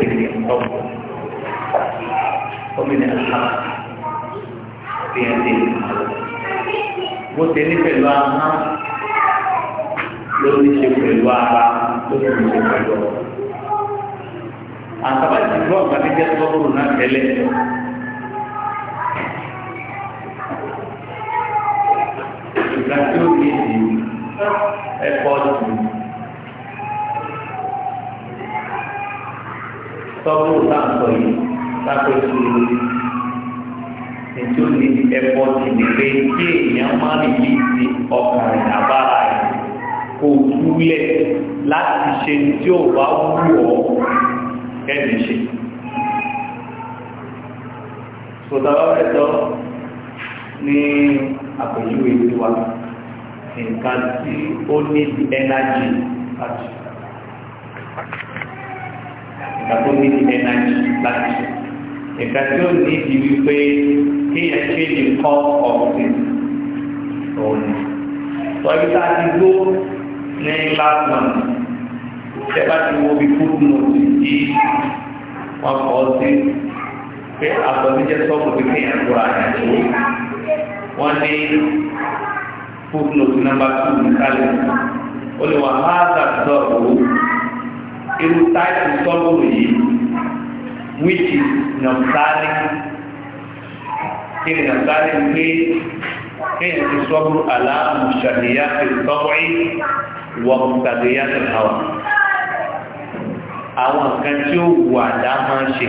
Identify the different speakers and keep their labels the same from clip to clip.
Speaker 1: الطفل الضوء
Speaker 2: ومن الحق في هذه المحاضرة وتني في الواقع
Speaker 1: لو نشوف الواقع لو نشوف الواقع
Speaker 2: àtàbà ìdìbò àgbàdì jẹ tọrọ náà tẹ́lẹ̀ ìgbà tí ó di èdè ẹ̀kọ́ ọdún.
Speaker 1: tọ́pù táǹkọ̀ yìí lápẹ̀tù nítorí ẹ̀pọ̀ tì ní pé kí èèyàn má lè lè ti ọkà ìdábára rẹ̀ kò túlẹ̀ láti ṣe tí ò bá wù ọ́ kẹ́mi ṣe. sọ̀tàwá ẹ̀tọ́ ní àpèjúwe tiwa nǹkan tí ó ní energy láti kakó ní ti ẹ̀nà láti ṣe ìka tí ó ní ìdí wípé kí ẹ̀ ṣe ní kọ́ ọ̀sìn òun tọ́jú tá a ti gbó ní last month ṣe bá ti wo bí fúdù nọ́ọ̀tì tí wọ́n kọ́ sí pé àtọ̀níjẹ́ sọ́ọ̀bù tó kéèyàn kóra àyàtọ̀ wọ́n ní fúdù nọ́ọ̀tì nọ́mbà tù nìkalẹ̀ ó lè wà háàtà sọ́ọ̀bù irú táìpù sọ́gbọ̀n yìí
Speaker 2: which is nọ̀tàlì kí ni nọ̀tàlì pé kéèyàn ti sọ́gbọ̀n aláàmù ṣàdíyá ti sọ́gbọ̀n yìí wọ́n ṣàdíyá ti hàwà àwọn nǹkan tí ó wù àdá máa
Speaker 1: ṣe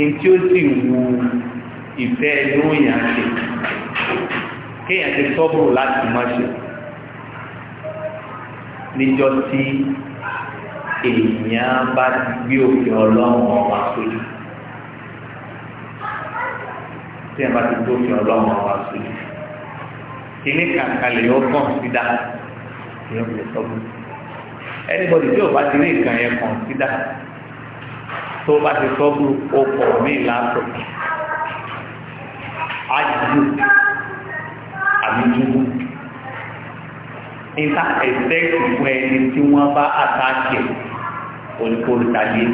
Speaker 1: in tí ó sì wù ìfẹ́ ẹnu èèyàn ṣe
Speaker 2: kéèyàn ti sọ́gbọ̀n láti máa
Speaker 1: ṣe níjọ́ tí èèyàn bá ti gbé òfin ọlọ́run ọba sójú tí èèyàn bá ti gbé òfin ọlọ́run ọba sójú kíní kàkà lè yọ kàn sí dá èèyàn lè ẹnibọdì tí o bá ti rí nǹkan yẹn kàn sí dá tó o bá ti sọ fún ọkọ̀ mi látọ̀ ájú àbí dúdú níta ìfún ẹni tí wọ́n bá àtàkì oníkóòlù tayé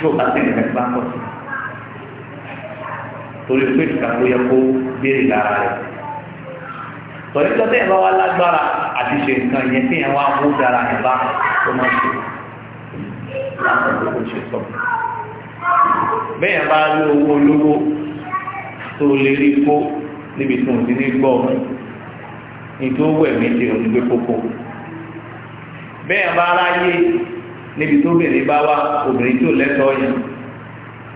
Speaker 1: tí o bá tẹ̀lé rẹ̀ bá pọ̀ sí torí pé ìka tó yẹ kó béèrè lára rẹ̀ tọ́jú tó tẹ̀ bá wá lágbára àti ṣe nǹkan yẹn tí yẹn wá mú dára yẹn bá tó máa ṣe láwọn tó kò ṣe sọ bẹ́ẹ̀ bá rí owó olówó tó lè rí kó níbi tó ń ti ní gbọ́ nítorí owó ẹ̀mí ti rò ní kókó bẹ́ẹ̀ bá aráyé níbi tó bìnrin bá wá obìnrin tó lẹ́tọ̀ọ́ yẹn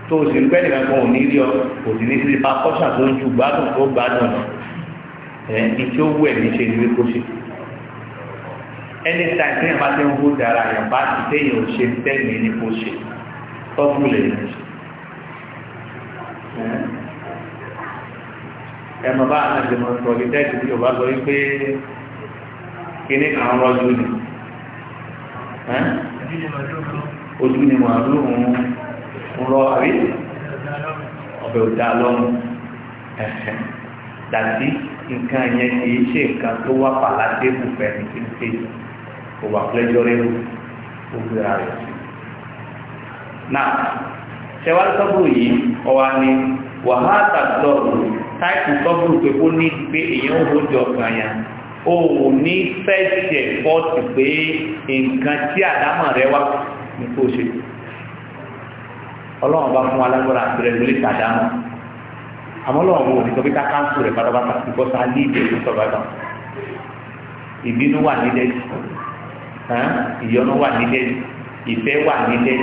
Speaker 1: tó o sì ń pẹ́ nìkan kan ò ní rí ọ kò sì ní sí ipa kọ́ṣà tó ń ju gbádùn tó gbádùn ẹ ní tí ó wù ẹ̀ ní ṣe ní kó ṣe ẹni tí àìsàn yẹn bá ti ń hó dára yẹn ti téèyàn ò ṣe tẹ́ẹ̀mì ní kó ṣe tọ́kù lè ní ṣe ẹ̀mọ̀ bá àtàjẹmọ̀ sọ̀rọ̀ ìdẹ́ẹ̀tì tí ò sọ wípé kíní kan rọ́jú nìyí
Speaker 2: ojú ni màálù
Speaker 1: ń rọ àrí ọbẹ̀ òdà lọ́rùn dàbí nǹkan yẹn kì í ṣe nǹkan tó wá pàlà débù fẹ̀mí tí ń pè kò wà pẹ́jọ́rẹ́ ó gbéra rẹ̀ sí. náà ṣẹwàá sọ́bù yìí ọwa ni wàhálà tàbí lọ́ọ̀rù táìpù sọ́bù pé ó ní pé èèyàn ó bójú ọkàn yẹn o ò ní fẹ́ tiẹ̀ fọ́ọ̀tì pé nǹkan tí àdámọ̀ rẹ wá ní kó ṣe ọlọ́run bá fún alágbára àbẹ̀rẹ̀ lórí àdámọ̀ àmọ́ ọlọ́run ò ní sọ pé ká káńsù rẹ̀ pátápátá because a ní ìdẹ̀kùn sọ̀rọ̀ náà ìbínú wà nílẹ̀ ìyọnu wà nílẹ̀ ìfẹ́ wà nílẹ̀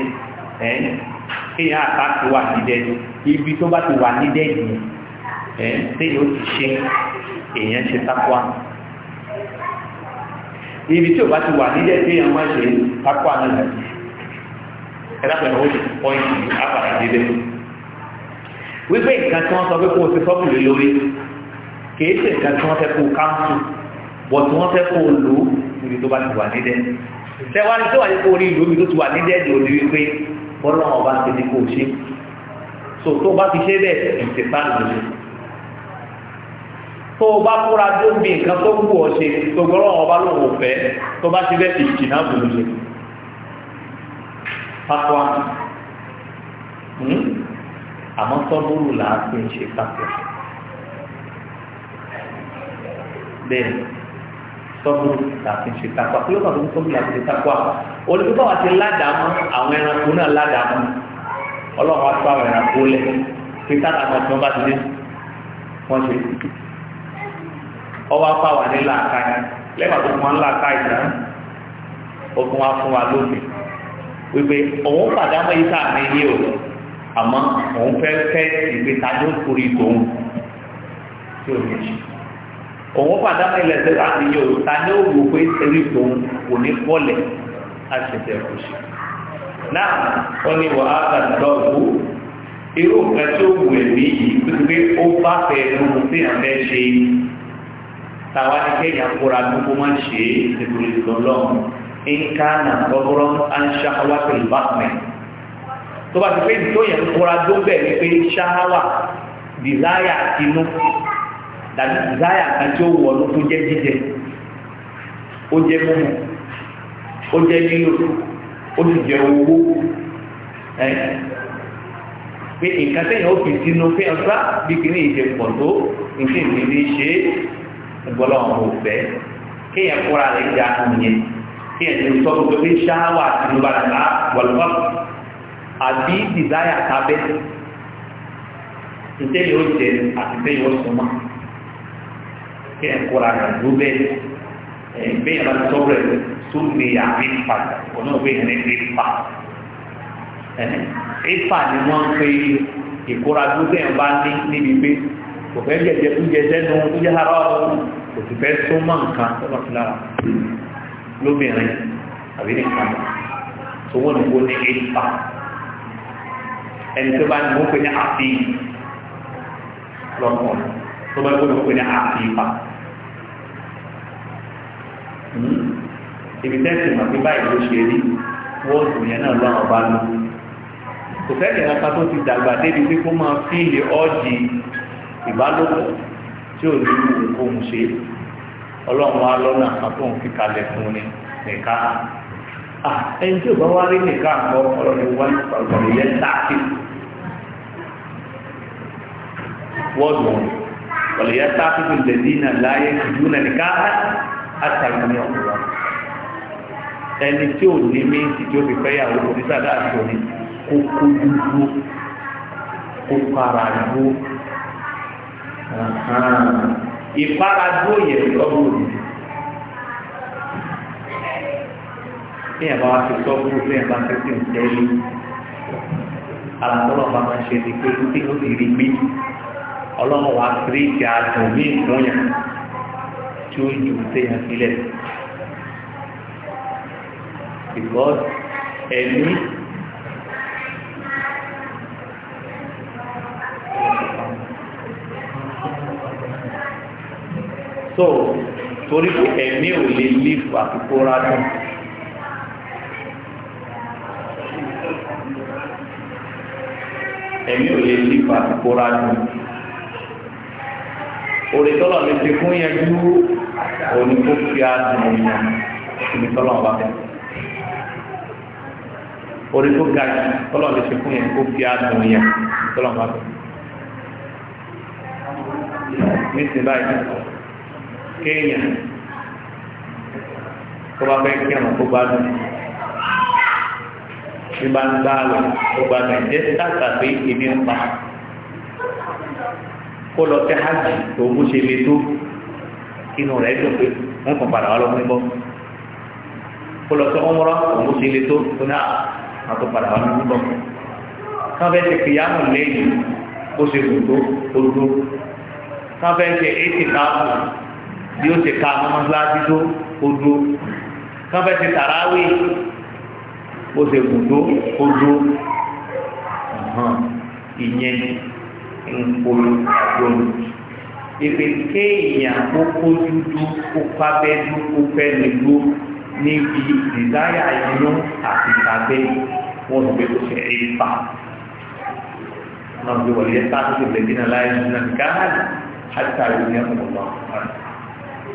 Speaker 1: kéèyàn àtàkì wà nílẹ̀ ibi tó bá ti wà nílẹ̀ yìí téèyàn ó ti ṣe èèyàn ṣe sápá
Speaker 2: ibi tí o bá ti wà nílẹ̀ tí èèyàn máa ṣe
Speaker 1: kápá àná rẹ̀ ẹ̀dàpẹ̀ ìnáwó ti pọ́ìntì àpàrà débẹ̀ wípé nǹkan tí wọ́n sọ pé kó o ti sọ́kùnrin lórí kìí ṣe nǹkan tí wọ́n fẹ́ kó o káńsù bọ̀ tí wọ́n fẹ́ kó o lò ó níbi tó bá ti wà nílẹ̀ tẹ́wárí tó wà ní kó o rí ìlú mi tó ti wà nílẹ̀ ni ò ní wípé bọ́lá wọn ti ní kó o ṣe so tó bá ti ṣe bẹ́ẹ̀ ìtẹ̀sáàlù lóṣù tó o bá kóra tó bí nǹkan tó wù ọ ṣe tó gbọ́rọ̀ ọba ló wò fẹ́ tó bá ti bẹ́ẹ̀ ti jì náà bò ló ṣe. pápá hmm? àmọ́ sọ́dúrù là á fi ń ṣe pápá. bẹ́ẹ̀ sọ́dúrù là á fi ń ṣe pápá kí ló bá tó ń sọ́dúrù là á fi ṣe pápá. olùdókòwò àti ládàámú àwọn ẹranko náà ládàámú ọlọ́run á tó àwọn ẹranko lẹ̀ pété àtàwọn ọ̀tún bá ti dé wọ́n ṣe ọwá fáwà ní làákà yẹn lẹ́gbà tó fún wa ń làákà yìí náà ó wa fún wa lófin wípé òun pàdánù yìí sáà ní yé o àmọ́ òun fẹ́ fẹ́ ìgbé ta ló kórè tòun tí o méjì òun pàdánù ilẹ̀ tó sáà ní yé o ta ní òwò pé eré tòun kò ní bọ́lẹ̀ láti ṣe ẹ̀kọ́ sí náà ó ní wàhálà lọ́wọ́ irú nǹkan tí ó wù ẹ̀mí yìí pé ó bá fẹ́ẹ́ lóhun tí à ń fẹ́ ṣe tàwa ni kéèyàn kóra ní kó máa ń ṣe nítorí lọ́lọ́run nǹka nà gbọ́gbọ́rọ́ à ń ṣàwá pẹ̀lú bákùnrin tó bá ti pé ìtò yẹn kóra tó bẹ̀ ni pé ṣáwá dìzáyà tinú dàbí dìzáyà kan tí ó wọ̀ ló tó jẹ́ jíjẹ ó jẹ́ mímu ó jẹ́ lílo ó sì jẹ́ owó pé nǹkan tẹ̀yìn ó fi sínú pé ọ̀sán bí kìíní ìṣe tó nǹkan ìṣe ṣe é ìgbọ́lọ́ wọn ò fẹ́ kéèyàn kóra rẹ̀ ń dáa nìyẹn kéèyàn ti sọ pé pé ṣáwà àti ìbàdàlá wọ̀lọ́pọ̀ àbí dìzáyà tábẹ́ ìtẹ́yìn ó jẹ àti ìtẹ́yìn ó súnmọ́ kéèyàn kóra rẹ̀ ló bẹ́ẹ̀ ìgbéyàn bá ti sọ rẹ̀ tó ní àmì ìpàdé ọ̀nà ìgbéyàn ní ìpà ìpà ni wọ́n ń ìkóra ló bẹ́ẹ̀ bá ní níbi pé kò fẹ́ jẹjẹ fún jẹjẹ nù fún jẹ́ kò sì fẹ́ tó mọ́ nǹkan lọ́nà sí lára lóbìnrin àbí nìkan tó wọ́n nìkan ní ìfà ẹni tó bá ní wọ́n pè ní àfi lọ́kọ̀ tó bá ní wọ́n pè ní àfi ìfà hmm? ibi tẹ́sí mọ̀ pé báyìí ló ṣe rí wọ́n sì yẹn náà lọ́nà bá lọ kò fẹ́ kẹ̀kẹ́ tó ti dàgbà débi pé kó máa fíìlì ọ́ọ̀dì ìbálòpọ̀ tí ò ní wù kó ń ṣe ọlọ́run wa lọ́nà àtúntò fi kalẹ̀ fún ni nìka ẹni tí ò bá wá rí nìka àkọ́ ọlọ́run wá ìpàgọ́lẹ̀ yẹn tààkì wọ́ọ̀dù wọn wọ́lẹ̀ yẹn tààkì tó lè dín náà láyé ìdú náà nìka àtàkì ní ọ̀pọ̀lọpọ̀ ẹni tí ò ní méjì tí ó fi fẹ́ yàwó onísàdá àti òní
Speaker 2: dúdú
Speaker 1: kó para dúdú ìfaradó yẹn lọ́gbọ̀n òní. bí ẹ̀ bá wá ti sọ́gbọ̀n bí ẹ̀ bá ti sì ń tẹ́lẹ̀ alàtọ́lọ́ bá máa ṣe ni pé tí ó sì rí gbé ọlọ́run wá sí ìjà àdùn ní ìmúyà tí ó yù séyàn sílẹ̀. because ẹ̀mí so torí pé ẹ̀mí ò lè lífù àkókò rádùn.
Speaker 2: ẹ̀mí ò lè lífù àkókò
Speaker 1: rádùn. òrè tọ́lọ̀ mi ti fún yẹn dúró òní kó fi àdùn yẹn ìbí tọ́lọ̀ wọn bá fẹ́. òrè tó ga yẹn tọ́lọ̀ mi ti fún yẹn kó fi àdùn yẹn tọ́lọ̀ bá fẹ́. nísìnyí báyìí kéèyàn
Speaker 2: tó bá fẹ́ kí àwọn kó gbádùn bí bá ń gbá àwẹ̀ kó gbádùn ẹ̀jẹ̀ sí tàbí pé èmi ń pa kó lọ sí hajj
Speaker 1: tó bó ṣe le tó inú rẹ̀ dùn pé wọ́n kàn padà wá lọ́mú bọ́ kó lọ sí ọmọrọ́ tó bó ṣe le tó tó ní àwọn tó padà wá lọ́mú bọ́ káwọn fẹ́ ṣe fìyàmù lẹ́yìn bó ṣe wù tó tó tó káwọn fẹ́ ṣe ètì káàkiri bí ó ti ka àwọn mọ́sálásí tó odò kán fẹ́ ti tàràwé ó ti gùn tó odò ìyẹn nkpolo lónìí ìpè kéèyàn kókó dúdú kókó abẹ́ dúdú kókó ẹni dúdú níbi dìzáyà inú àti ìtàgbé wọn ò gbé kó ṣe é fà náà wọlé sáà tó ti bẹ̀rẹ̀ dínà láyé nínú gáàlì àti àyè ní ẹ̀kọ́ náà.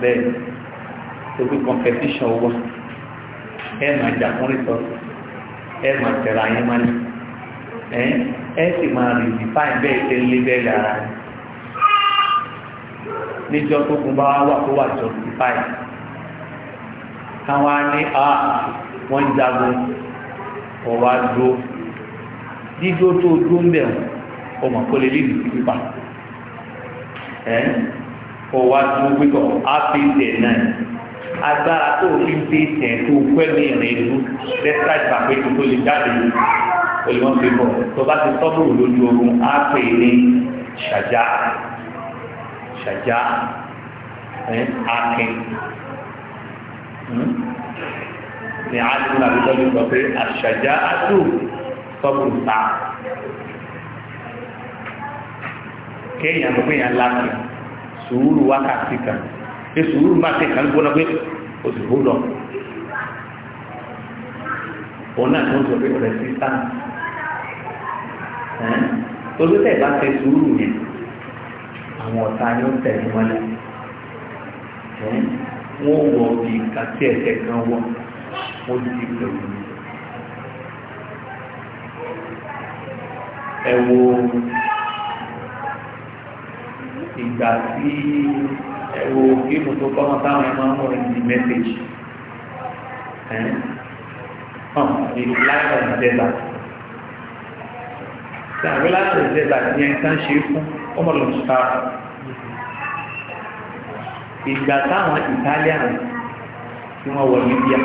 Speaker 1: bẹ́ẹ̀ torí competition wà ẹ máa jà fún rìsọ ẹ máa tẹ̀ra yín máa ní ẹ sì máa rìn define bẹ́ẹ̀ tẹ́ lé bẹ́ẹ̀ lára níjọ́ tó kún bá wà tó wà justify káwọn á ní a wọ́n ń jagun ọ̀wá dúró dídó tó dúró ń bẹ̀rù ọmọ kọ́lé lè lù pípa ọwọ́ adúgbò gbígbọ́ ápè tẹ̀ náà agbára tó fi ń tẹ̀ tẹ̀ tó pẹ́ ní ìrìn ìlú lẹ́sítàìsì àpéjọ tó lè jáde olùwọ́n fi bọ̀ tó bá ti tọ́bùrù lójú ogun ápè ní ṣàjá
Speaker 2: ṣàjá akin hmm? ní àdúgbò àbíkọ́lù sọ pé àṣàjá àdú tọ́bùrù ta
Speaker 1: kéèyàn ló pé yàn sùúrù wákàtí kan pé sùúrù bá ti kàn gbóná pé o sì hó lọ òun náà tó ń sọ pé ọ̀rẹ́ sí sáà torí tẹ̀ bá tẹ sùúrù yẹn àwọn ọ̀tá yóò tẹ̀lé mọ́lẹ̀ wọ́n wọ bí kàtí ẹ̀kẹ́ kan wọ́n wọ́n ti pẹ̀lú ẹ wo ìgbà tí ẹwọ gíìmù tó kọ́ wọn táwọn ẹmọ ọmọ rẹ̀ ní mẹ́sẹ̀jì hàn ní láìpẹ́ ìjẹba tàbí láìpẹ́ ìjẹba ní ẹni tán ìgbà táwọn Italian tí wọ́n wọ Libya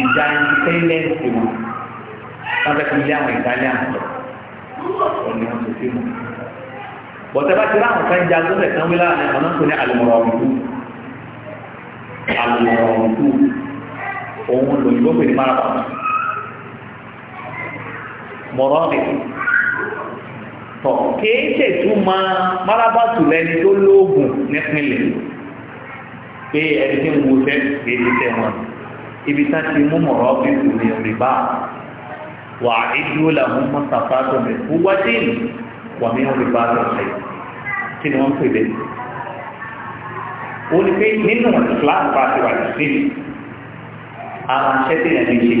Speaker 1: ìjà independence wọn wọ́n fẹ́ fi lé àwọn Italian lọ
Speaker 2: wọ́n ní wọ́n ṣe fíìmù
Speaker 1: bọ̀tẹ́ bá ti ráhùn kan jagun lẹ̀ kan wílá ní ọ̀nà tó ní alùmọ̀rọ̀mùtú alùmọ̀rọ̀mùtú òun lòyìnbó pè ní márùn mọ̀rọ̀mì tọ̀ kìí ṣètú ma márabàtù lẹni tó lóògùn nípínlẹ̀ pé ẹni tí ń wo fẹ́ kìí ṣe tẹ̀ wọn ibi tá ti mú mọ̀rọ̀mì kù ní rìbá wà á ìdúró làwọn mọ́tàfà tó bẹ̀ fún wájú ìlú wà mí wọn lè bá lọ sí kí ni wọ́n pè bẹ́ ó ní pé nínú islam bá ti wà sí àwọn aṣẹ́tì yẹn ní ṣe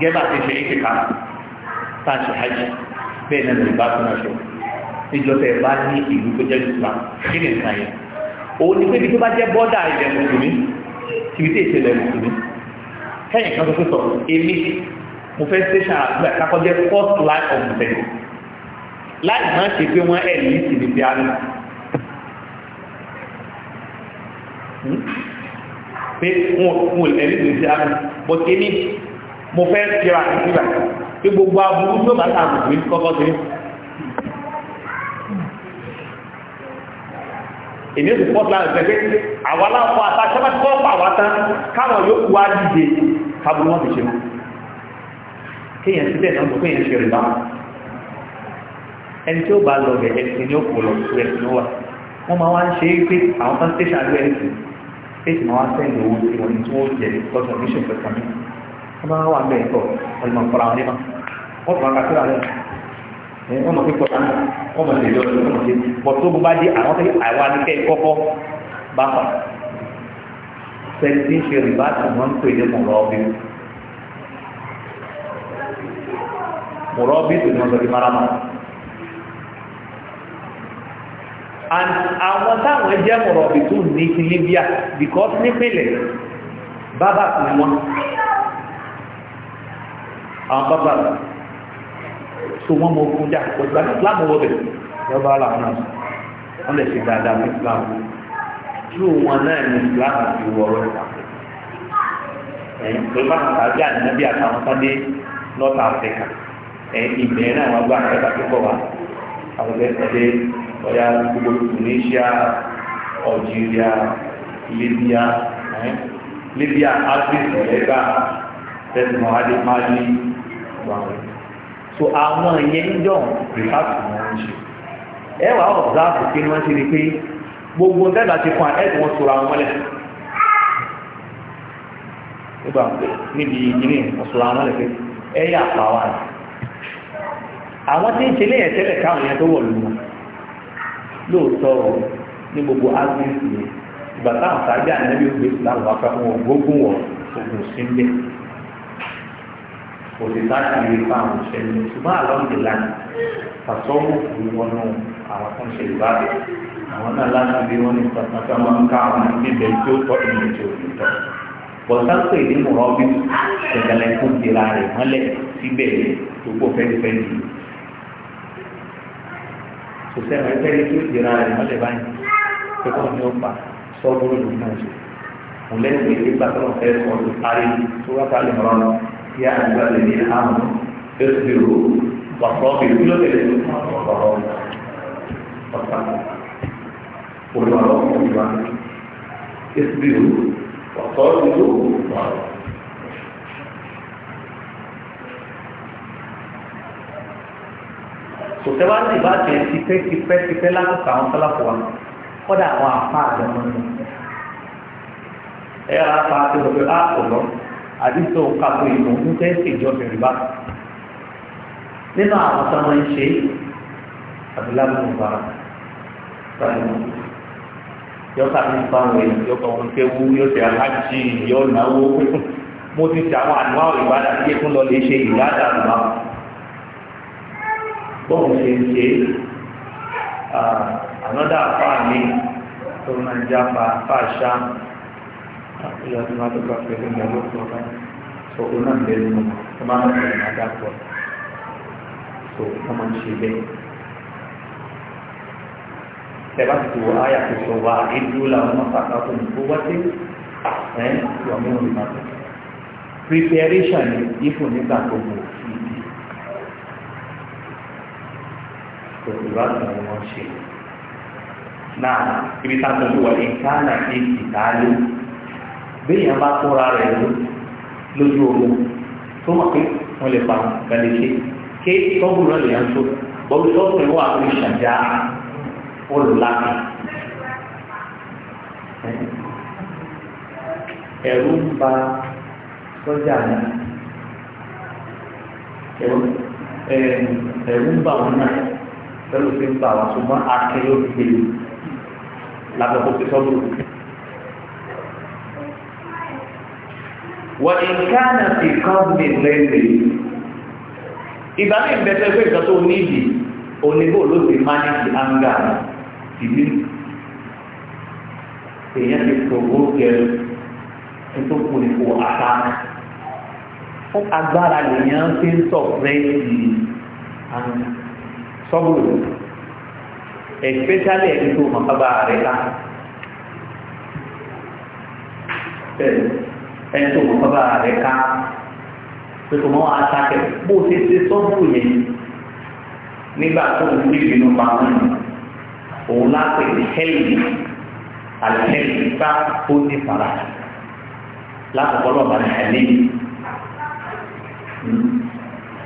Speaker 1: gẹ́bà ti ṣe ìkẹ́kà tá a ṣe hajj bẹ́ẹ̀ náà lè bá tó náà ṣe níjọba ẹ̀ bá ní ìlú tó jẹ́ islam kí ni nǹkan yẹn òun ni pé ibi tó bá jẹ́ bọ́dà ilẹ̀ mùsùlùmí ibi tí èsì ilẹ̀ mùsùlùmí kẹ́yìn kan tó tó sọ èmi mo fẹ́ ṣe ṣàgbà kákọ́ jẹ́ first line láì má ṣe pé wọ́n ẹ̀ ní ìsinmi bí a lọ. Hmm? pé wọn ò lẹ́rí ìsinmi bí a lọ bọ́ kí ní mo fẹ́ kíra nígbà pé gbogbo aburú tó bá ta àbùkù ní kọ́kọ́ sí.
Speaker 2: èmi sì pọ́ síláàmù pé
Speaker 1: àwa láwọn àtàkùn kọ́ pa àwa tán káwọn yóò wá dìde kábùrú wọn fi ṣe mọ́ kéèyàn síbẹ̀ náà kéèyàn ṣe rẹ̀ ẹni tí ó bá lọ rẹ̀ ẹ̀sìn ni ó kò lọ sí ẹ̀sìn ló wà wọ́n máa wá ń ṣe é pé àwọn tán tẹ̀sán ló ẹ̀sìn tẹ̀sán máa wá sẹ́yìn owó tí wọ́n ní tí wọ́n jẹ lọ́sọ̀ ní ṣòfò kan ní wọ́n máa wà bẹ́ẹ̀ tọ̀ wọ́n máa fara wọn ní ma wọ́n fara kàtó rà lẹ́yìn wọ́n máa fi kọ́ ọ́n wọ́n máa lè lọ sí wọ́n máa ṣe bọ̀ tó bó bá dé àwọn tẹ́ àwa ní kẹ́ kọ́kọ́ bá fà sẹ́yìn tí ń ṣe rìbá tí wọ́n ń pè ní mọ̀rọ́bí mọ̀rọ́bí tó ní wọ́n sọ and àwọn táwọn jẹ́ mọ̀rọ̀bì tó ní ti Libya because nípìnlẹ̀ bábà kù wọn àwọn bábà tó wọ́n mọ̀ ogun jà ọ̀gbà ní Islam wọ́bẹ̀ yọba aláwọn náà wọ́n lè ṣe dáadáa ní Islam tí wọn náà ní Islam ti wọ̀rọ̀ ìpàkẹ́
Speaker 2: ẹ̀yìn pẹ̀lú àwọn tàbí
Speaker 1: ànínábí àtàwọn sáde North Africa ẹ̀yìn ìbẹ̀rẹ̀ náà wọ́n gbà àfẹ́fẹ́ ọ̀yà gbogbo Tunisia Algeria Libya eh? Libya africa lẹ́gbà tẹ̀sán adé mali wàhálà so àwọn ìyẹn ń dọ̀ rìfáàtì wọn ń ṣe ẹ wà á ọ̀bùsáàbù kí wọ́n ṣe ni pé gbogbo dẹ́gbà ti fún ẹ̀ wọ́n sọ̀rọ̀ àwọn mọ́lẹ̀ nígbà níbi ìdílé wọ́n sọ̀rọ̀ àwọn mọ́lẹ̀ pé ẹ yà pa wà ní àwọn tí ń ṣe léyìn tẹ́lẹ̀ káwọn yẹn tó wọ̀ lù wọn lóòótọ́ ní gbogbo ágbẹ́sì yẹn ìgbà táwọn sáájà níbi ògbé ìsìláàmù wá fẹ́ wọn gbógun wọ ogun sílẹ̀ òṣìṣẹ́ àti ìfà àwọn òṣèlú ṣùgbọ́n àlọ́ǹdì lánàá pàṣọwọ́ fún wọn nù àwọn tó ń ṣe ìbáàbẹ̀ àwọn náà lánàá bí wọ́n ní pàṣẹ máa ń ká àwọn níbẹ̀ tí ó tọ́ ìmọ̀ tí ó fi tọ́ bọ̀sáńpé ìdí mọ̀rọ́ bí ṣẹ̀dálẹ́kùn ti ra rẹ̀ mọ́lẹ̀ síbẹ̀ tó kó fẹ́ẹ́fẹ́ẹ́ yìí kò sẹ́yìn ẹgbẹ́ yìí tó ìdíra rẹ̀ mọ́lẹ̀ báyìí pé kọ́ ni ó pa sọ́gbóró ló náà jù kò lẹ́yìn pé ìgbà tó lọ fẹ́ sọ ló parí tó wá parí mọ́ra lọ kí á àgbà lè ní àmọ́ fẹ́ẹ́ fi rò wà sọ́ọ̀bì kí ló tẹ̀lé ọ̀rọ̀
Speaker 2: ọ̀tá olùwàlọ́ ọ̀gbìn wa fẹ́ẹ́ wà sọ́ọ̀bì ló wà
Speaker 1: tòtẹ́ wá sí ìbáṣẹ tipẹ́ tipẹ́ tipẹ́ lákòókò àwọn sọ́láfọ̀ wa kọ́dà àwọn àfa àjọmọ́ ni ẹ yàrá fa ti lọ pé á ah, kò lọ àdìsọ kakọ ìmọ̀ ń fẹ́ ṣèjọ bẹ̀rẹ̀ bá nínú àwọn tó máa ń ṣe àbíláàbò bá sáré yọ sáré nípa àwọn èèyàn yọ kàn wọn fẹ́ wú yọ sẹ aláàjì yọ náwó mo ti ṣe àwọn àdúrà ìbádà tí èkó lọ lè ṣe ìbádà àdúrà bọ́ọ̀n ṣe ń ṣe ànọ́dà àfáà mi tó máa ń jápa àfáà ìyá tó máa tó pẹ̀lú ìyá ló pọ̀ náà so òun náà bẹ̀rù mọ́ tó máa ń bẹ̀rù máa dàpọ̀ so wọ́n máa ń ṣe bẹ́ẹ̀. Tẹ̀bá ti wọ àyà tó sọ wá ìdúró làwọn máa fàkà tó ní kó wáṣẹ́ ẹ̀ wà mí wọn lè máa tẹ̀. Preparation ni ìfún nígbà gbogbo. tó ìbátan ni wọ́n ṣe náà ibi tá a tó wọ ìkánà ní ìdálé béèyàn bá kóra rẹ̀ lójú ogun tó mọ̀ pé wọ́n lè pa gàlè ṣe ké tọ́gùn náà lè yàn tó bọ́ọ̀lù sọ́ọ̀tún wà fún ìṣàjá olùlànà ẹ̀rù ń ba sọ́jà náà ẹ̀rù ń bà wọn náà lẹ́nu fi ń bá wa ṣùgbọ́n akin yóò fi gbèrè lábẹ́kọ̀ fi sọ́dọ̀. wọ́n ìkànnà ti kàn mí lẹ́lẹ̀ ìgbà mi ń bẹ̀tẹ̀ pé ìkan tó ní ìdí oníbò ló ti máníkì áńgà ìbí èèyàn ti provoke ẹ nítorí kò ní kò àtà
Speaker 2: fún agbára lèèyàn ti
Speaker 1: ń sọ fẹ́ẹ̀sì áńgà sọ́bùrù especially ẹni tó mọ̀ bá rẹ̀ lá ẹni tó mọ̀ bá rẹ̀ ká pé kò mọ́ àtàkẹ́ bó ṣe ṣe sọ́bùrù yẹn nígbà tó ń gbé ìbínú pa wọn òun lápè ní hẹ́lì àlẹ́lì bá ó ní fara lákòókò lọ́ba ní hẹ́lì hmm.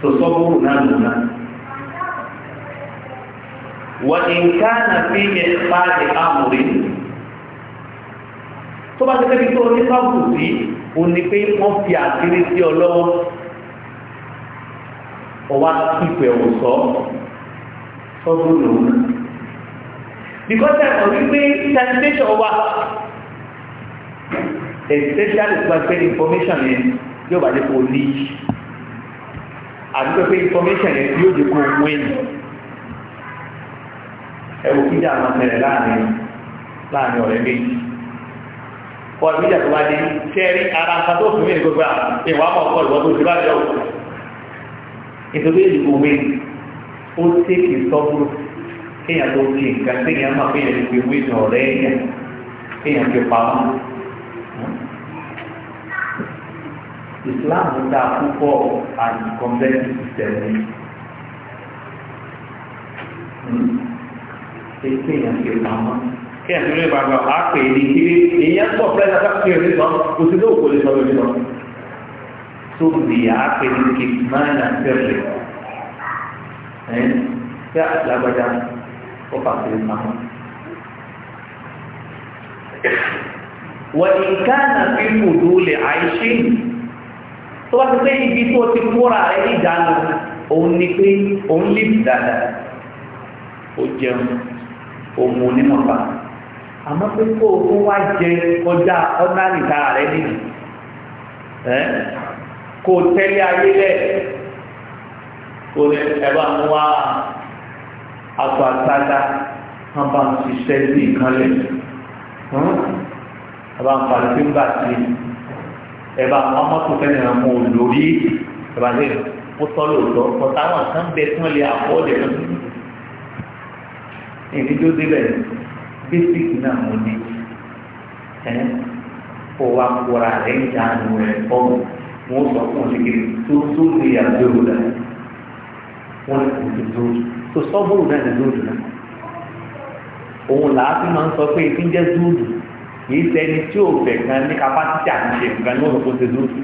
Speaker 1: sọ́sọ́bùrù náà lò náà. وإن كان في إخفاء أمر tó bá tẹ́tẹ́ bí tó ní sábù sí o ní pé wọ́n fi àṣírí sí ọ lọ́wọ́ ọwá ìpè ò sọ lòun because ẹ̀ ọ̀ wípé sanitation wà especially to pay information yẹn yóò bá jẹ́ kó leak àti pé information yẹn yóò jẹ́ kó win ẹwù fíjà máa tẹ̀lẹ̀ láàrin láàrin ọ̀rẹ́ méjì kọlu fíjà tó bá dé sẹ́rí ara nǹkan tó fún mi gbogbo à ìwà mọ̀ kọlu wọ́n tó ti bá jọ ìtòkè ìdìbò mi ó tẹ́kì sọ́gbọ́n kéèyàn tó di nǹkan téèyàn máa fi yẹn fi wí ní ọ̀rẹ́ yẹn kéèyàn fi pamọ́ Islam dá púpọ̀ àti convention system pé kéèyàn fi pamọ́ kéèyàn fi rí ìbàgbà á pè é ní kiri èèyàn pọ̀ pẹ́lá sáfì òní sọ kò sí lóòkó lè sọ lórí lọ tó bì á pè ní kí máa nà fẹ́rẹ̀ ẹ́ kí àlágbájá ó fà sí pamọ́. wọ́n ìkànnà fi kùdú òun ni pé òun lè dáadáa ó jẹun òun onímọ̀ta àmọ́ pé kó o tún wá jẹ kọjá ọ́nàrì tara rẹ nìyí kó o tẹ́lẹ̀ ayé lẹ̀ kó o ẹ bá mú wá aṣọ àtàdá wọn bá ń ṣiṣẹ́ sí ìkànlẹ̀ ẹ bá ń parí pé ń bà sí ẹ bá wọn mọ́tò fẹ́ẹ́ nìyẹn mọ́ olórí ẹ bá lè mú sọ́lọ́ òótọ́ kọ́tà wọn kan bẹ tí wọ́n àpọ̀ ọ̀dẹ̀ lọ́dún èmi tó débẹ̀ basic náà mo ní ẹ kó wa kóra rẹ̀ ń jà nù rẹ̀ fọ́ mo sọ fún ọ ṣèkiri tó tó lè yà lóru la wọn kò tó lóru tó sọ́bùrù náà lè lóru la òun làá fi máa ń sọ pé ètí jẹ́ zúùdù kì í sẹ́ni tí ò fẹ́ kan ní kapásítì àtúnṣe nǹkan ní òun kò ṣe zúùdù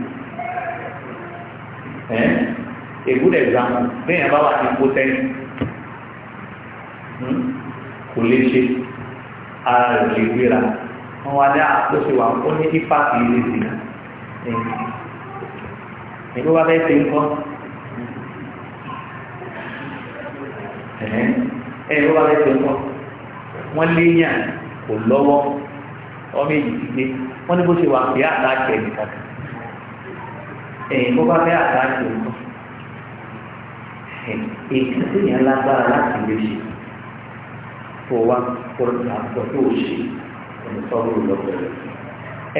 Speaker 1: a good example bẹ́ẹ̀ bá wà ní potensi kò lè ṣe ara rẹ̀ lè gbéra wọn wá dá àtúnṣe wà ó ní ipa kì í lè dìgbà ẹgbẹ́ wa fẹ́ẹ́ ṣe ń kọ́ ẹgbẹ́ wa fẹ́ẹ́ ṣe ń kọ́ wọ́n léyàn kò lọ́wọ́ ọmọ èyí ti gbé wọ́n ní bó ṣe wà pé àtàkì ẹ̀ nìkan ẹ̀yìn bá fẹ́ àtàkì ẹ̀ nìkan èyí tó yẹn lágbára láti lè ṣe kó wá kó ta sọ tó o ṣe ẹni tó ń lọ bẹ̀rẹ̀.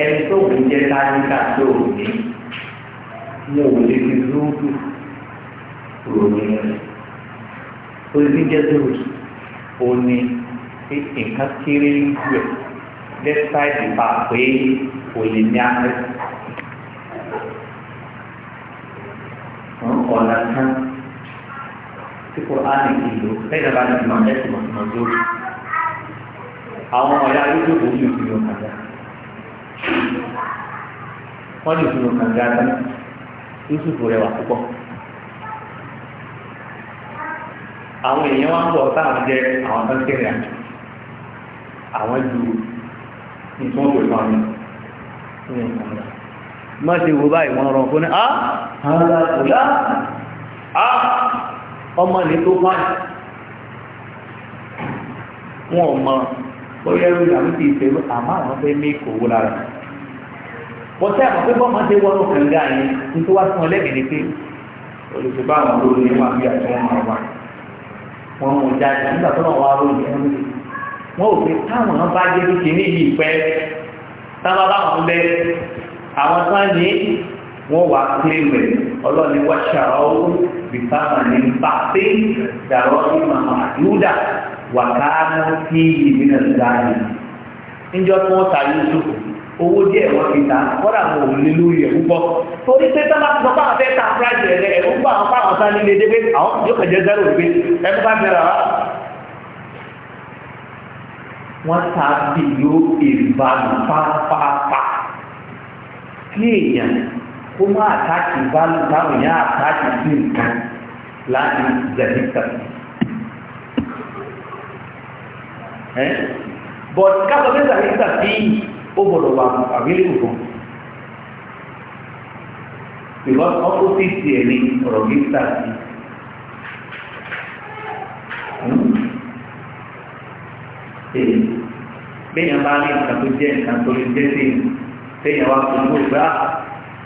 Speaker 1: ẹni tó ń jẹ́ táyíká tó o ní mo ò lè fi lóòdù ròyìn rẹ̀. orí jẹ́ lóòdù ó ní nǹkan kéré ń jù ẹ̀ despite àwọn ọmọ ya lójú òbí yóò fi yóò kàdá wọ́n lè fi yóò kàdá tán yusufu rẹwà púpọ̀ àwọn èèyàn wá ń bọ̀ táwọn àwọn tó ń kéré àjò àwọn ju nǹkan òwe kan ní má ti wo báyìí wọ́n rọ̀ fún ní á ara ọ̀la á ọmọ ní tó fáyì wọn ò mọ bóyá ẹrú ìlànà ti ìṣèlú àmọ́ àwọn fẹ́ mí kò wó lára bọ́sẹ̀ àmọ́ pé bọ́ọ̀mọ́ ṣe wọ́n lókàn gá yẹn nítorí wá fún ọlẹ́mìí ni pé olùsọ bá àwọn olórí ní wàá bí àti wọn máa wà wọn mú jáde nígbà tó náà wà lórí ẹrú ni wọn ò pé táwọn náà bá jẹ́ kíkì ní ìlú ìpẹ́ táwọn bá wọn bẹ àwọn tó ní wọn wà pé rẹ ọlọ́ni wọ́ṣà ọ́ bìtá wàkàánà tí ìbínà ìdáyé níjọ́ tí wọ́n ta Yusuf owó díẹ̀ wọ́n fi ta kọ́dà wọn ò lè lórí ẹ̀ púpọ̀ torí pé tá a bá ti sọ fáwọn fẹ́ ta fúráìdì rẹ̀ ẹ̀ ó gbà wọn fáwọn sá nílé dé pé àwọn yóò kẹ̀jẹ́ zero pé ẹ bá mi rà wá. wọ́n ta bìló ìbànú pápápá kí èèyàn kó má àtàkì bá táwọn èèyàn àtàkì sí nǹkan láti zẹ̀mí kàkì. but kápọ̀ mẹ́ta nígbà tí ó gbọ́dọ̀ wà àbílẹ̀ òkun because opposite ẹ̀ ní ọ̀rọ̀ gíga sí hmm? bẹ́yàn bá ní nǹkan tó jẹ́ nǹkan tó lè jẹ́ sí bẹ́yàn wá fún gbogbo ìgbà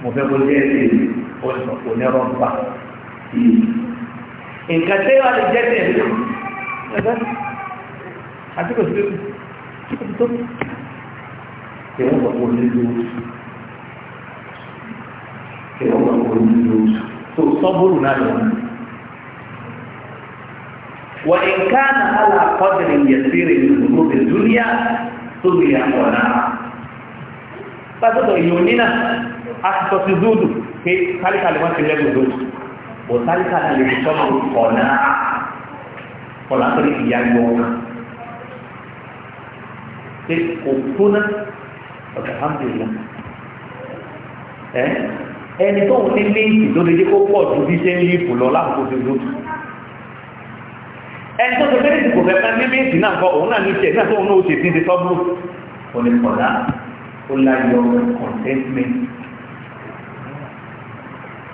Speaker 1: mo fẹ́ kó jẹ́ sí onírọ̀ gbà hmm. nǹkan tẹ́wàá lè jẹ́ sí ẹ̀ àti kò sí kí kò tó
Speaker 2: kẹwọ́n bá wọ́n lé lóòótù kẹwọ́n bá wọ́n lé
Speaker 1: lóòótù tó sọ́bùrù náà lọ́wọ́ وإن كان على قدر يسير من ذنوب الدنيا تضيع ونعم pàtàkì èèyàn nínà àtìsọ ti zúdù pé kálíkà lè ti lẹ́gbẹ̀ẹ́ zúdù bò kálíkà lè sọ́nà ọ̀nà ọ̀nà tó ní ìyá gbọ́ pé kò gbóná alhamdulillah eh? ẹni tó ń ní léèkì ló lè dé kó pọ̀ ju bí ṣe ń léèkù lọ láàkó tó ló
Speaker 2: ẹni tó ti fẹ́ léèkì kò fẹ́ fẹ́ ní léèkì náà kọ òun náà ní
Speaker 1: tiẹ̀ náà tó ń náà ṣe ti ti tọ́bù kò ní pọ̀ náà ó láyọ̀ contentment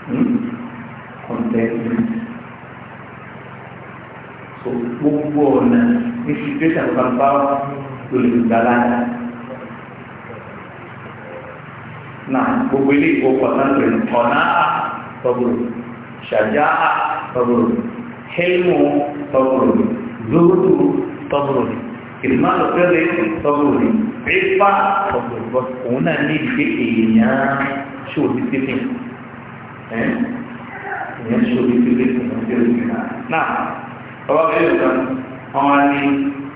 Speaker 1: hmm? contentment so gbogbo ọ̀nà ní situation kan bá wà tó lè fi gbàlá yẹn. Nà gbogbo ilé ìfowópamọ́ náà pẹ̀lú ọ̀nà à tọ́gbòrò, ṣàjá à tọ́gbòrò, hẹ́lmù tọ́gbòrò, zóòtù tọ́gbòrò, ìmáàlù pẹ́lẹ́ tọ́gbòrò, pípa tọ́gbòrò. Òun náà ní ìgbé èèyàn ṣòwò títí fún un ìyẹn ṣòro ìdílé ìmọ̀tẹ́lẹ̀ náà ọba bẹ́ẹ̀ lọ ọmọ ní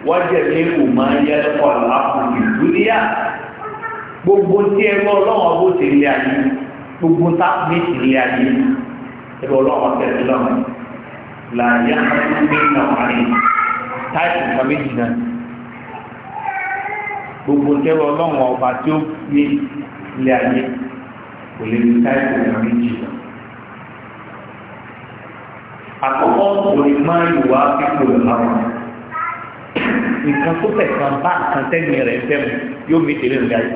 Speaker 1: wájẹ̀mí kò máa yẹ lọ́pọ̀ àlàáfù ìdúníyà gbogbo tí ẹgbẹ́ ọlọ́wọ́ bó ti rí ayé gbogbo tábìlì ti rí ayé ẹgbẹ́ ọlọ́wọ́ tẹ̀lé lọ́wọ́ làyé àtúndé náà rí táìpù kan méjì náà gbogbo tí ẹgbẹ́ ọlọ́wọ́ ọba tí ó ní ilé ayé kò lè ní táìpù kan náà àkọ́kọ́ kò ní máa yùwá pípò lọ́wọ́ nǹkan tó tẹ̀sán bá nǹkan tẹ́mi rẹ̀ fẹ́ mu yóò mi tèlé nílé ayé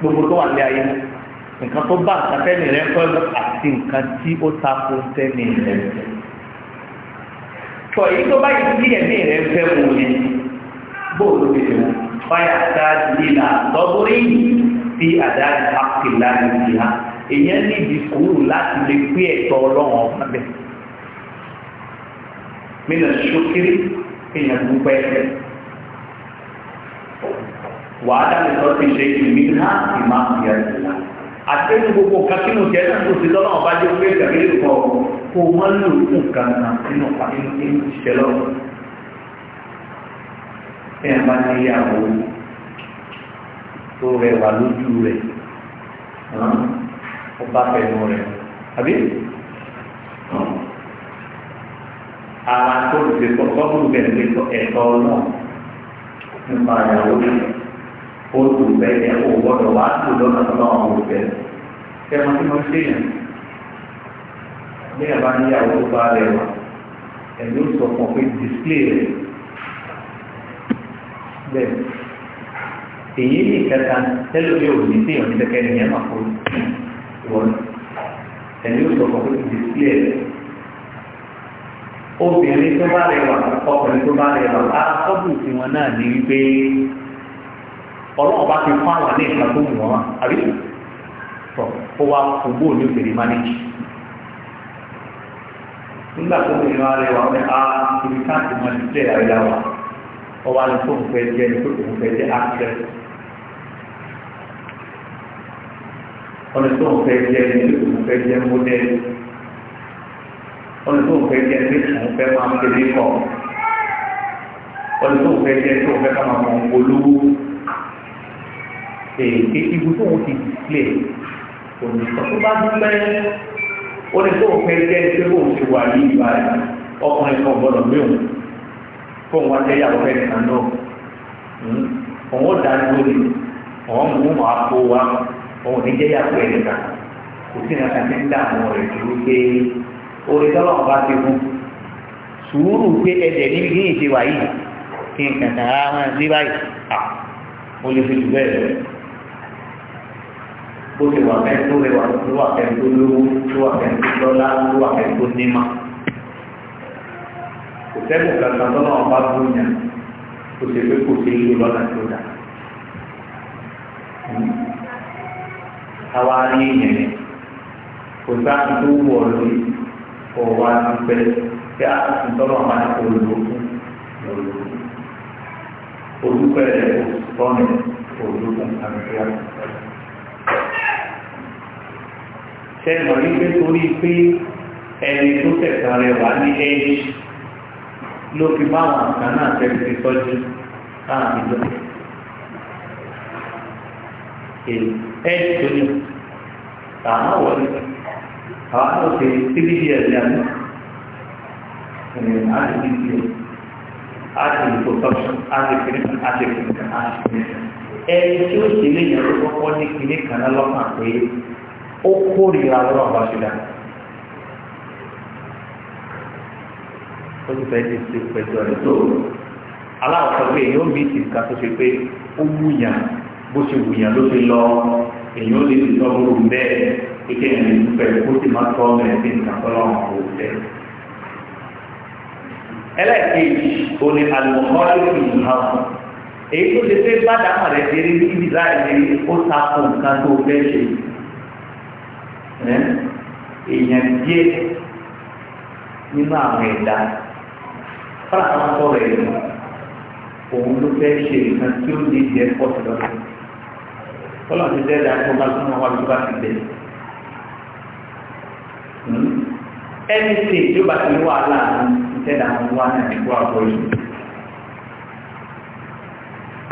Speaker 1: gbogbo tó wà nílé ayé nǹkan tó bá nǹkan tẹ́mi rẹ̀ fẹ́ mu àti nǹkan tí ó ta ko tẹ́mi rẹ̀ fẹ́
Speaker 2: tọ̀ èyí tó bá yìí sí ẹ̀mí rẹ̀ fẹ́ mu ni
Speaker 1: bóòlù mi tẹ̀wọ́ fáyà sáájú ìlà lọ́gbọ́rí sí àdáyé àkìlá ìdíyà èyàn ní ìdí sùúrù láti lè pé ẹ̀tọ́ ọlọ́run ọ̀fà bẹ́ẹ̀. mi nà ṣókiri kéèyàn dúpẹ́ wàhálà lè sọ ti ṣe ìmínà ìmá ìyàtìlá àtẹ́nu gbogbo nǹkan kí ló jẹ́ náà tó ti lọ́nà ọba jẹ́ pé ìgbàgbé lè kọ́ kó o máa ń lò ó nǹkan náà nínú pàtó nínú ìṣẹ́ lọ́wọ́ tí a bá ní ìyàwó tó rẹwà lójú rẹ̀ ọba pẹ̀lú rẹ̀ àbí ara tó lè kọ́ tọ́kùn bẹ̀rẹ̀ lè kọ́ ẹ̀tọ́ náà nípa ìyàwó rẹ̀ ó tù bẹ́ẹ̀ yẹ kó gbọ́dọ̀ wá tù lọ́nà náà ó bẹ̀ kẹ́wọ́n tí wọ́n ṣe yàn bí ẹ̀ ní ìyàwó tó bá rẹ̀ wá ẹ̀ ló sọ fún pé display rẹ̀ bẹ́ẹ̀ èyí ní ìkẹta tẹ́lẹ̀ bí òní tí èèyàn ní kẹ́kẹ́ ní ẹ̀ máa kó ìwọ́n ẹ̀ ló sọ fún pé display rẹ̀ obìnrin tó bá rẹwà ọkùnrin tó bá rẹwà ara tọ́jú tiwọn náà ní wípé ọlọ́run bá ti fún àwọn ní ìgbà tó mú wọn àbí tọ ó wá fúgbó ní òbèrè mánéjì nígbà tó mú ìwà rẹwà wọn a ibi káàtì máa ti tẹ̀ àríyá wa ọwọ́ ni tó ń fẹ́ jẹ́ ni tó ń fẹ́ jẹ́ actress ọ̀nà tó ń fẹ́ jẹ́ ni tó ń fẹ́ jẹ́ model olùkó fẹ́ jẹ́ pé òun fẹ́ máa ń tẹ̀lé kọ́ olùkó fẹ́ jẹ́ pé òun fẹ́ ká máa mọ olówó èké ibu tó ń ti display olùkọ́ tó bá dúpẹ́ olùkó fẹ́ jẹ́ pé òun ti wà ní ìgbà rẹ̀ ọkùnrin kan gbọ́dọ̀ gbé òun kó òun wá jẹ́ ìyàwó fẹ́ nìkan náà òun ó dá lórí òun mú wàá kó wa òun ní jẹ́ ìyàwó ẹ̀ nìkan kò sí nǹkan tí ń dààmú rẹ̀ dúró pé orí tọ́lọ̀ bá ti fún sùúrù pé ẹ̀dẹ̀ ní bí ìṣe wà yìí kí n kàkà ara wọn sí báyìí à ó lè fi jù bẹ́ẹ̀ lọ bó ti wà fẹ́ tó rẹwà ló wà fẹ́ tó lówó ló wà fẹ́ tó lọ́lá ló wà fẹ́ tó nímọ̀ kò sẹ́kù kankan tọ́lọ̀ bá fún yàn kò sì pé kò sí ìlú lọ́nà tó dà hmm. àwa rí ìyẹn kò sáà tó wọ̀ lórí kó wá dúpẹ́ kí a ti tọ́lọ̀ máa ní kó lò ó lò ó dúpẹ́ rẹ̀ kó tọ́nà kó lò ó àmì kí a ti tọ́lọ̀. sẹ́nu rí pé torí pé ẹni tó tẹ̀sán rẹ̀ wá ní ẹ́ẹ̀dì ló fi báwọn kan náà tẹ̀lé ti tọ́jú káàmì lọ. ẹ́ẹ̀dì tó ní tàwọn wọlé. Kalau àtọ̀sẹ̀ three dia ní àná eh, ada di sini, ada di kota, ada di clinical ada di ẹni ada di sì lè yàn ló kọ́kọ́ ní clinical náà lọ́kàn pé ó kórìíra lọ́wọ́ àwọn aṣọ dáa. ó ti fẹ́ẹ́ ti ṣe pẹ̀lú ọ̀rẹ́ tó aláwọ̀sọ pé èyí ó mí ti nǹkan tó ṣe pé ó wùyàn bó ṣe wùyàn ló ṣe ike ẹni pẹ̀lú kó sì máa tọ́ ọmọ ẹ̀sìn ìkàtọ́lọ́ àwọn òṣìṣẹ́. ẹlẹ́ẹ̀kejì ó ní alùpùpù ìhàmù èyí tó ṣe pé bá dàmà rẹ̀ ṣe rí níbi láìsí ó takò nǹkan tó fẹ́ ṣe èèyàn díẹ̀ nínú àwọn ẹ̀dá fúnra àwọn sọ̀rọ̀ ẹ̀ òun ló fẹ́ ṣe nǹkan tí ó ní ìdí ẹ̀kọ́ sí lọ́sẹ̀ ẹni tí yóò bá ti wà láàrin ìtẹ́dà àwọn wà náà ìgbó àbọ̀lù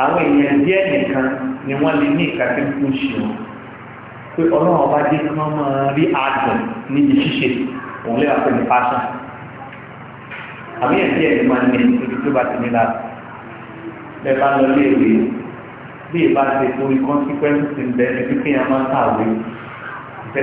Speaker 1: àwọn èèyàn díẹ̀ nìkan ni wọ́n lè ní ìkàtí kú ṣe wọn pé ọlọ́run ọba dé kí wọ́n máa rí àdùn níbi ṣíṣe òun lè wà pẹ̀lú pásán àmì ẹ̀dí ẹ̀dí máa ní ibi tó bá ti ní láti bẹ́ẹ̀ bá lọ lé ìwé bí ìbá ti torí consequence ń bẹ pípé yẹn máa ń kàwé ìfẹ́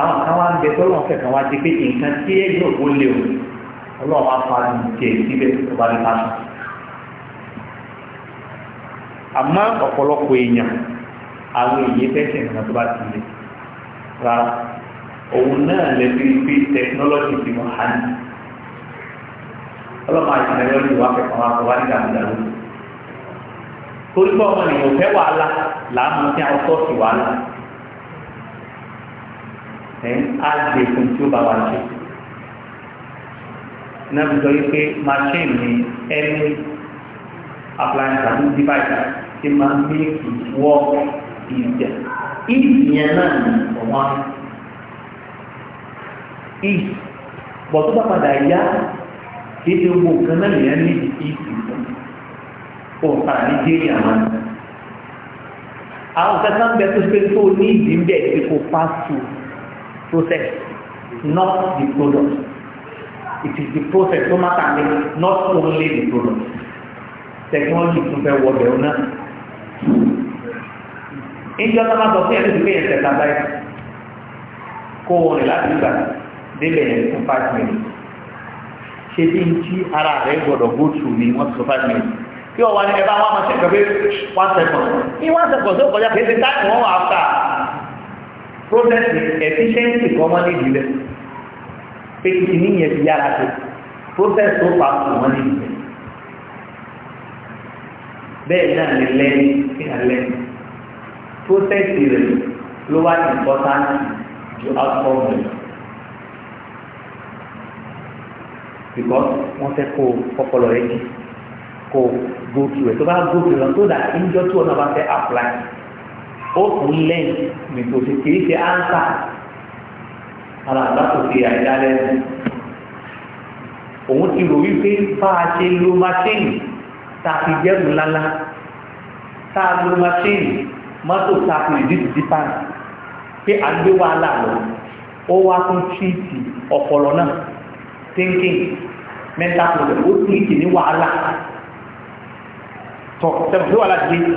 Speaker 1: àwọn kan wá ń bẹ tọ́lọ́ fẹ́ kan wá di pé nǹkan tí ẹ̀yìn òkú lè o ọlọ́run wá fa ìjẹ́ síbẹ̀ tó bá lè pàṣẹ. àmọ́ ọ̀pọ̀lọpọ̀ èèyàn àwọn èèyàn fẹ́sẹ̀ nǹkan tó bá ti lè rárá òun náà lẹ́bi pé tẹkinọ́lọ́jì ti wà á ní ọlọ́run àti tẹkinọ́lọ́jì wà fẹ́kàn wá wá nígbà tó dàrú torí pé ọmọ nìyẹn fẹ́ wàhálà làá ẹ̀ á gbé fún tí ó bá wa ṣe náà fi sọ machine ni ẹni appliance àti device ti máa ń gbé ìwọ́ ìjà ìyẹn náà ní ọ̀wọ́n ìyí bọ̀ tó bá padà yá kí ṣe gbogbo nǹkan náà lèyàn ní ìdí ìsìn òǹkà nàìjíríà máa ń àwọn kankan bẹ tó ṣe tó ní ìdí ń bẹ ìdí kò pàṣẹ process, not the product. It is the process tó máa tàbí not only the product. Technology tún fẹ́ wọ bẹ̀rù náà. Ìjọ náà máa sọ fún ẹni tó fẹ́ yẹn tẹ̀ta báyìí. Kó o rìn láti gbà débẹ̀ yẹn fún five minutes. Ṣé bí n tí ara rẹ̀ gbọ́dọ̀ go through ni wọ́n sọ five minutes? Kí ọ̀wá ni ẹ bá wá máa ṣe kọ̀wé one second. Ní one second tó kọjá kìí ṣe táàkì wọ́n wà áfà process efficiency kan wọ́n lè jùlẹ̀ pé kìkì ní ìyẹn ti yára tó process tó pa kù wọ́n lè jùlẹ̀ bẹ́ẹ̀ náà lè lẹ́yìn kí náà lẹ́yìn process rẹ̀ ló wá important ju outcome rẹ̀ because wọ́n fẹ́ kó ọpọlọ rẹ̀ jì kó go through ẹ̀ tó bá go through lọ so that injọ́ tí wọ́n náà bá fẹ́ apply ó tún lẹ́yìn gbèsòsì kìí ṣe áńsà ara àgbàsòsì àìdálẹ́nu òun ti rò wípé bá a ṣe lo máṣíìnì tá a fi jẹ́rù ńláńlá tá a lo máṣíìnì mọ́tò tá a fi rìdíìtì dípà pé a gbé wàhálà lọ ó wá tún tíìtì ọpọlọ náà thinking mental problem ó tíìtì ní wàhálà tọ̀ tẹ̀wọ̀n tó wàhálà ti dé.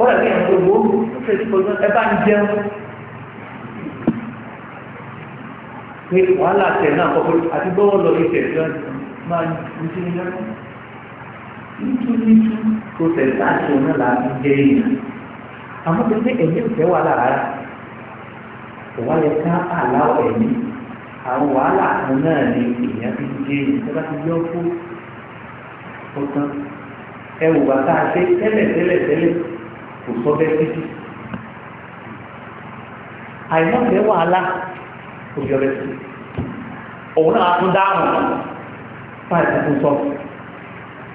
Speaker 1: kọ́lá bí ẹ̀yàn gbogbo ẹ bá ń jẹun pé wàhálà tẹ̀ náà kọ́kọ́ àti gbọ́wọ́ lọ ìtẹ̀ ìjọ máa ń ṣe ní lẹ́kọ̀ọ́ nítúnítú kò tẹ̀sí àṣọ náà láti jẹ èèyàn àmọ́ tó ní ẹ̀mí òfẹ́ wà lára kò wá yẹ ká àláwọ̀ ẹ̀mí àwọn wàhálà kan náà ni èèyàn fi jẹ èèyàn tó bá ti yọ fún ọkàn ẹwù bàtà ṣe tẹ́lẹ̀ tẹ́lẹ̀ tẹ́lẹ̀ kò sọ bẹ́ẹ̀ títí àìmọ́tẹ́ wàhálà kò yọ bẹ́ẹ̀ títí òun náà tún dáhùn fáìlì tó sọ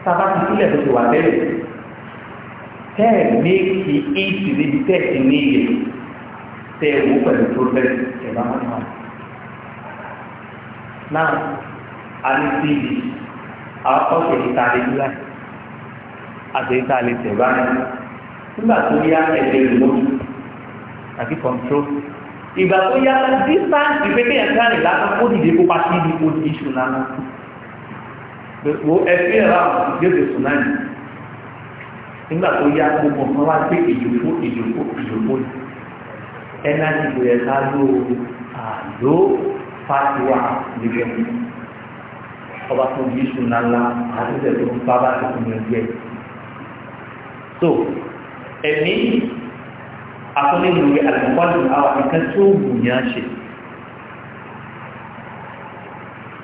Speaker 1: sábà ti sílẹ̀ tó ti wà bẹ́ẹ̀ tẹ́ẹ̀ méjì éèkì níbi tẹ́ẹ̀kì ní iye tẹ́ẹ̀ wò pẹ̀lú tó bẹ́ẹ̀ tẹ̀ bá wọn náà náà a ní tíìlì àwọn ọ̀sẹ̀ ìta lè dúrà àti ìta lè tẹ̀ báyìí nígbà tó yá ẹ̀jẹ̀ lò àti control ìgbà tó yá distance pé kéèyàn sáré lásán ó dìde kó pa sí ibi kó di iṣu lánàá wo ẹgbẹ́ ra ìgbésẹ̀ tsunami nígbà tó yá gbogbo kan wá gbé ìjòkó ìjòkó ìjòkó yìí ẹ̀nà ìgbò yẹn ló àló fatiwa níbẹ̀ ọba tó di iṣu lánàá àti ìṣẹ̀ tó ń bá bá tó kún yẹn so ẹ̀mí àtúnlẹ̀lùwẹ̀ àlùkọ́lù àwọn nǹkan tí ó wù yán ṣe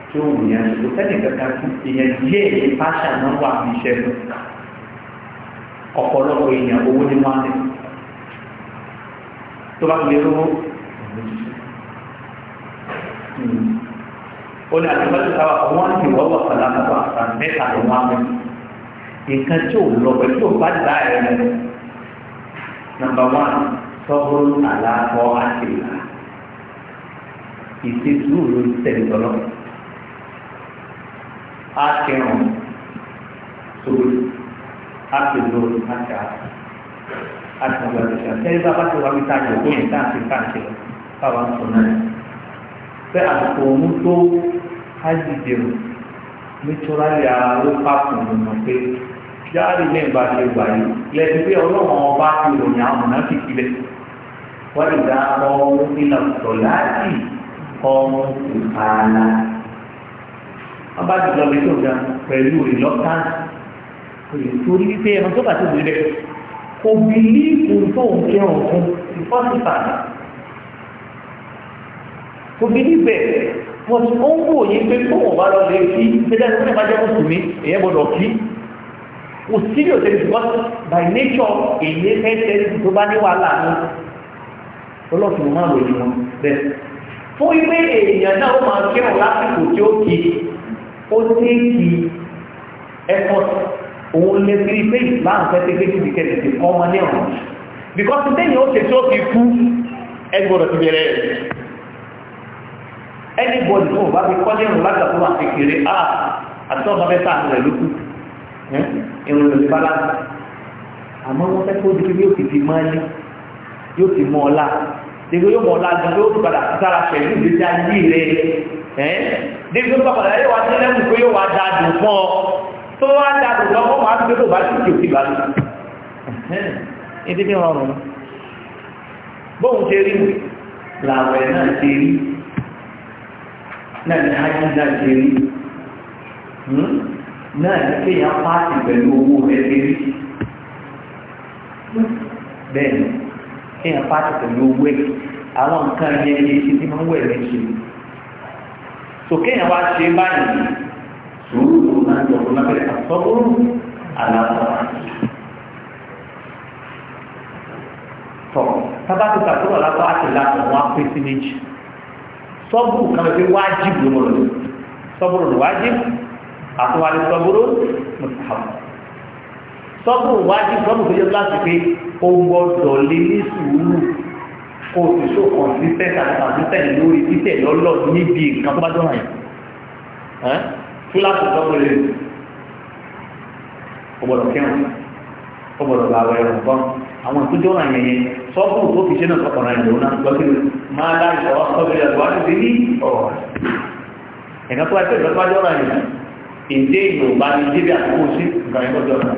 Speaker 1: tí ó wù yán ṣe kò sẹ́ni kankan tí èèyàn díẹ̀ ní pàṣà náà wà ní iṣẹ́ lọ ọ̀pọ̀lọpọ̀ èèyàn owó ní wọn lẹ̀ tó bá lè rówó ó ní àtúnlẹ̀lù sábà wọn ti wọ́wọ́ pàlàpàpà mẹ́ta ló wá mẹ́ nǹkan tí ò lọ pẹ̀lú ò bá dá ẹ̀rọ Number one, sọ́kúrú àlàkọ́ àtìlá. Ìṣètúrò ló tẹ̀lé tọ́lọ́. A kẹrùn sórí àtìló àtà àtìlọ́dọ̀ṣà. Tẹ́lẹ̀ bá bá ti wá wí táyà òkú yẹn táà ti káàkiri lọ káwa sọ náà. Fẹ́ àtò òun tó ájì dèrò nítorí àyà ló pàpọ̀ pé jáde ní ìgbà tí ìgbà yìí lẹ́sí pé ọlọ́run ọba ti ròyìn àwọn náà ti kílẹ̀ wọ́n lè dá ọrùn nínú ọ̀tọ̀ láti ọrùn ìpààlà wọ́n bá jùlọ bí tó ga pẹ̀lú ìlọ́kàn torí wípé ẹ̀rọ tó bá ti wù rẹ̀ kò bí líìpù tó ń jẹ́ ọ̀tún ìfọ́sífà kò bí níbẹ̀ wọ́n ti ń wòye pé tó wọ́n bá lọ lè fi ṣẹ́dáṣẹ́ bá jẹ́ mùsùlùmí kò sí yóò tẹ̀lé because by nature èyí fẹ́ tẹ̀lé tó bá ní wàhálà ní ọlọ́sùn máa wò ní wọn bẹ́ẹ̀. fún ìwé èèyàn náà ó máa kírun lásìkò tí ó kí ó téèkì effort òun lè fi pé ìsìláàmù fẹ́ tẹ́gbẹ́ tí ìdíkẹ́ ti kọ́ ọmọ ní ọ̀run because tẹ́yìn ó ṣe tí ó fi kú ẹgbọ́dọ̀ ti bẹ̀rẹ̀ rẹ̀ anybody tó bá fi kọ́ ní ọ̀run látàkùn àti ah àti ọmọ mẹ́ta rẹ̀ ló kú irun lòdì balance àmọ́ wọ́n fẹ́ kó di pé yóò ti di mọ́lẹ́ yóò ti mọ ọ̀la dégbé yóò mọ ọ̀la gan yóò tún padà sára pẹ̀lú ìgbésí ayé rẹ̀ dégbé yóò tún padà yóò wá sí lẹ́mù pé yóò wá da dùn fún ọ tó wá da dùn lọ́wọ́ máa fi gbẹ́dọ̀ bá ti di bá lọ. ẹni bí wọn rùn bóun ṣe rí
Speaker 2: làwọn ẹ̀ náà ṣe rí
Speaker 1: náà ní ájú náà ṣe rí náà ní kéèyàn pààtì pẹ̀lú owó rẹ̀ kéré bẹ́ẹ̀ ni kéèyàn pààtì pẹ̀lú owó ẹ̀ àwọn nǹkan yẹn ní etí tí máa ń wẹ̀ so kéèyàn wá ṣe báyìí sùúrù tó máa ń jọ fún lábẹ́rẹ́ àtọ́kùrù àlàáfà tọ̀ tábàtì tàkùrù àlàáfà àti làkùn wọn á pín sí méjì sọ́bù kan lè fi wájìbù lọ́wọ́ sọ́bù lọ́wọ́ wájìbù àtúwárí sọ́búrú mùsàlùmí sọ́bùrù wájú sọ́bùrù tó yẹ láti pé ó gbọ́dọ̀ lé ní sùúrù kó sì ṣòkan sí tẹ́ta tàbí tẹ̀lé lórí títẹ̀ lọ́lọ́ níbi nǹkan tó bá dọ́ràn
Speaker 2: yìí
Speaker 1: fúláṣù sọ́bùrù lè ọgbọ̀dọ̀ kẹrùn ọgbọ̀dọ̀ bá wẹ̀ ẹ̀rùn bọ́n àwọn tó dọ́ràn yẹn yẹn sọ́bùrù tó fi ṣe náà sọ́kànrà ìlú náà lọ́sí máa èdè yorùbá ní débi àkókò sí nǹkan ìgbọ́jọ́ náà.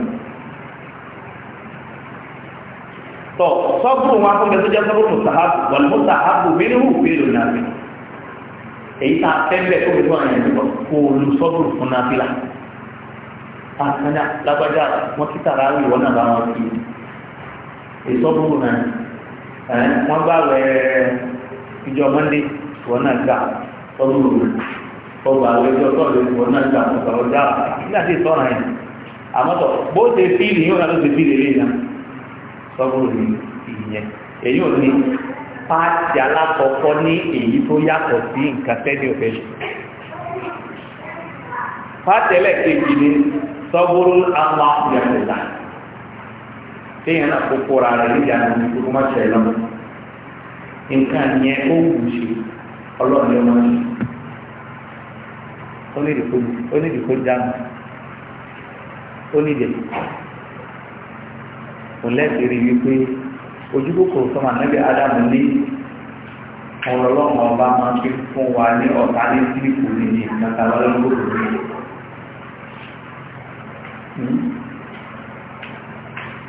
Speaker 1: tọ sọ́gbùn wọn akọ́gbẹ́ tó jẹ́ sọ́gbùn tó sàhábù wọ́n mú sàhábù mínú fèrè nàbì èyí tá a tẹ́lẹ̀ tó fi tó àyàn ìbọn kó o lu sọ́gbùn fún nàbì là. àtúnyà lágbájá wọn ti tàrà áwì wọn náà bá wọn kì í ìsọ́gbùn náà ẹ̀ wọ́n bá wẹ̀ ìjọ mọ́ndé wọn náà gbà sọ́gbùn náà ọba àlejò tọ́lẹ̀ ìwọ̀n náà jà mọ́ta ọjà nígbàtí ìtọ́ra ẹ̀ àmọ́tọ̀ bó ṣe fíìlì yóò náà ló ṣe fíìlì lè yàn sọ́gbọ́n ní ìyẹn èyí ò ní páàtì alákọ̀ọ́kọ́ ní èyí tó yàtọ̀ sí nǹkan tẹ́lẹ̀ ọ̀fẹ́
Speaker 2: páàtì ẹlẹ́ẹ̀kejì ni
Speaker 1: sọ́gbọ́n àmọ́ ìyàtọ̀lá téèyàn náà kó kóra rẹ̀ níjà ní gbogbo má ṣẹlẹ̀ nǹkan yẹn ó wù ṣe ọlọ́run máa ṣe ó ní ìdìkó ó ọba máa ń fi fún wa ní ọ̀tá ní sílíkù ní ní ìkàtà lọ́lọ́gbò lórí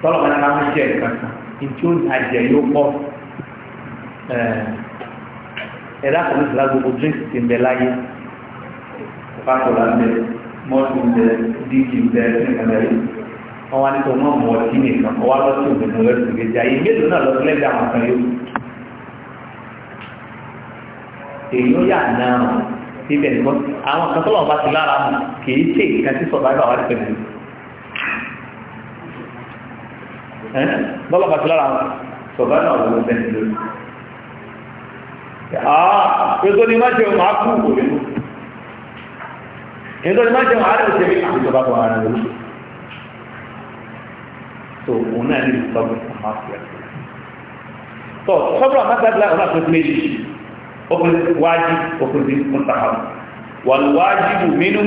Speaker 1: tọ́lọ̀ máa ń bá ń ìtí ó ní yóò pọ̀ ẹ̀dá ní gbogbo ti ń bẹ láyé. pátọ̀lá ń bẹ mọ́tò ń bẹ dígì ń bẹ nígbàdà yìí wọ́n wá ní kó mọ́ mọ́ ọtí nìkan wọ́n wá lọ́sí òbẹ̀tẹ̀ lọ́sí ìgbésí ayé mélòó náà lọ́sí lẹ́gbẹ̀ẹ́ àwọn kan yóò èyí ó yà náà síbẹ̀ nìkan àwọn kan tọ́lọ̀ bá ti lára mu kì í ṣe ìkan tí sọ̀bá ibà wà pẹ̀lú tọ́lọ̀ bá ti lára mu sọ̀bá náà lọ́sí pẹ̀lú ah pẹ̀lú ni má jẹun má kú òbẹ̀lú nítorí má jẹun àárẹ̀ òṣèlú àti ìjọba kan ara rẹ̀ lóṣù tó òun náà ní ìsọ́gbọ̀n àmàfíà tó sọ́gbọ̀n àmàfíà bí láwọn àti méjì ọkùnrin wájú ọkùnrin mùtàkà wàlúwájú mínú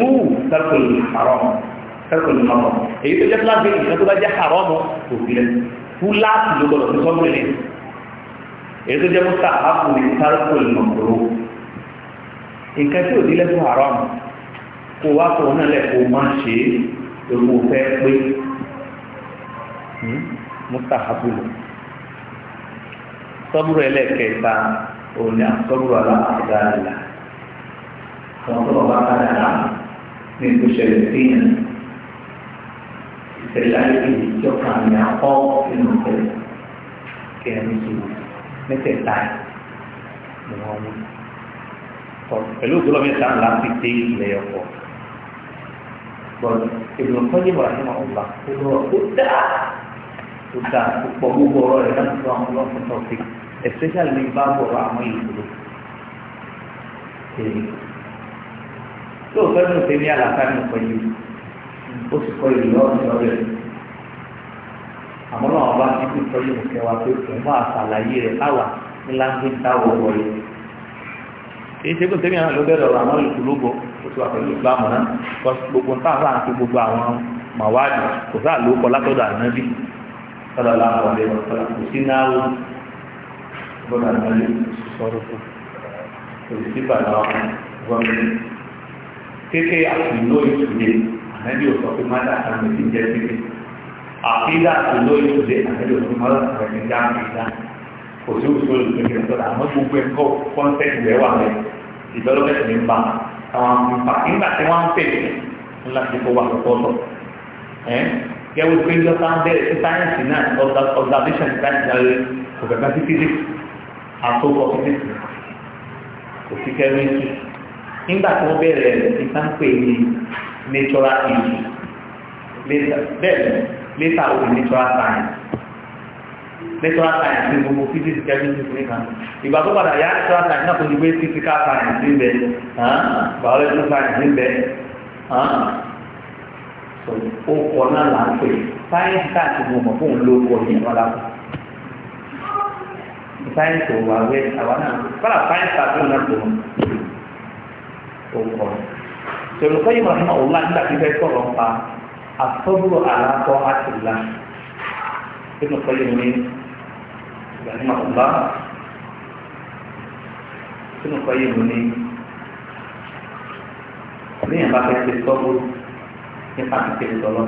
Speaker 1: tẹ́kùnrin àrọ́mù tẹ́kùnrin mọ́mọ́ èyí tó jẹ́ fúláṣí ìṣẹ́ tó bá jẹ́ àrọ́mù kò fi lẹ́ fúláṣí ló gbọ́dọ̀ fi sọ́gbọ̀n lẹ́ èyí tó jẹ́ mùtàkà kò ní kó wá kó náà lẹ̀ kó ṣe é èmo fẹ́ pé mustahabu hmm? sọ́bùrù ẹlẹ́kẹta òní àsọ́bùrù aláàdá ìlà àwọn tó bá bá dára ní ìgbésẹ̀lẹ̀ fíyàn ìṣẹ̀lẹ̀ ayé ìjọba ní akọ́ nínú ìṣẹ̀lẹ̀ kẹrin sí mẹ́tẹ̀ẹ̀ta ni wọ́n mú pẹ̀lú ògbólọ́mẹ́ta ńlá ti dé ilẹ̀ ọkọ̀ bọ̀dù ìlú kọ́jú wà nínú ọ̀gbà ìlú ọ̀gbà dáa tó dáa tó pọ̀ gbogbo ọ̀rọ̀ rẹ̀ láti sọ àwọn ọlọ́pàá tó fi especially ní bá bọ̀rọ̀ àwọn ìlú tèmi tó o fẹ́ràn tèmi àlàkà ní ìpẹ́jù
Speaker 2: ó sì kọ́ ìlú ọ̀sán rẹ̀
Speaker 1: àmọ́ náà bá ti kú ìtọ́jú nìkẹ́ wa pé òun máa ṣàlàyé rẹ̀ láwà ní láńgbé táwọ̀ wọlé èyí ṣe kó tèmi àwọn ló bẹ̀rẹ̀ ọ̀rọ̀ àwọn ìlú ló kò sí wa pẹ̀lú islam náà gbogbo ń tàn láàrin gbogbo àwọn màwáàdì kò sáà ló kọ látọ̀dọ̀ ànábì sọ́dọ̀ làwọn ọ̀rẹ́ kò sí náírà gbọ́dọ̀ ànábì sọ̀rọ̀ kù kò sí bàbá gọ́ọ̀mù kéèké àtúndó ìtúndé ànábì ò sọ pé má dà kan lè fi jẹ́ kéèké àfíìdá àtúndó ìtúndé ànábì ò sọ pé má dà kan lè fi já kò sí òṣèlú kékeré sọ́dọ̀ àmọ́ gbogbo ẹ̀kọ́ kọ́ńtẹ́ẹ̀tì rẹ̀ wà àwọn àǹfà nígbà tí wọ́n ń pè mí ńlá ti kó wà lọ́tọ̀ọ̀tọ̀ kẹwò pé ń lọ́ta ń bẹ̀rẹ̀ sí sáyẹ́ǹsì náà observation sáyẹ́ǹsì náà kò bẹ̀rẹ̀ sí physics àtòkọ physics kò sí chemistry nígbà tí wọ́n bẹ̀rẹ̀ ìtànpè ní natural history later bẹ́ẹ̀ later with natural science natural science ní gbogbo physics chemistry fún ìkan ìgbà tó padà yá natural science náà kò ní pé physical science ń bẹ biological science ń bẹ ó kọ náà là ń pè science táàtì mo mọ̀ fóun ló kọ ní ìwọ́n lápò science ò wà wẹ́ àwa náà kọ́lá science táàtì náà kò ó kọ tòlù kọ́ yìí máa fún ọ̀la nígbà tí fẹ́ àlàkọ́ àtìlá nínú kọ́ yìí ní rahimahullah sínú kọ́ yìí mo ní níyàn bá fẹ́ ṣe sọ́kó nípa ti ṣe sọ́lọ́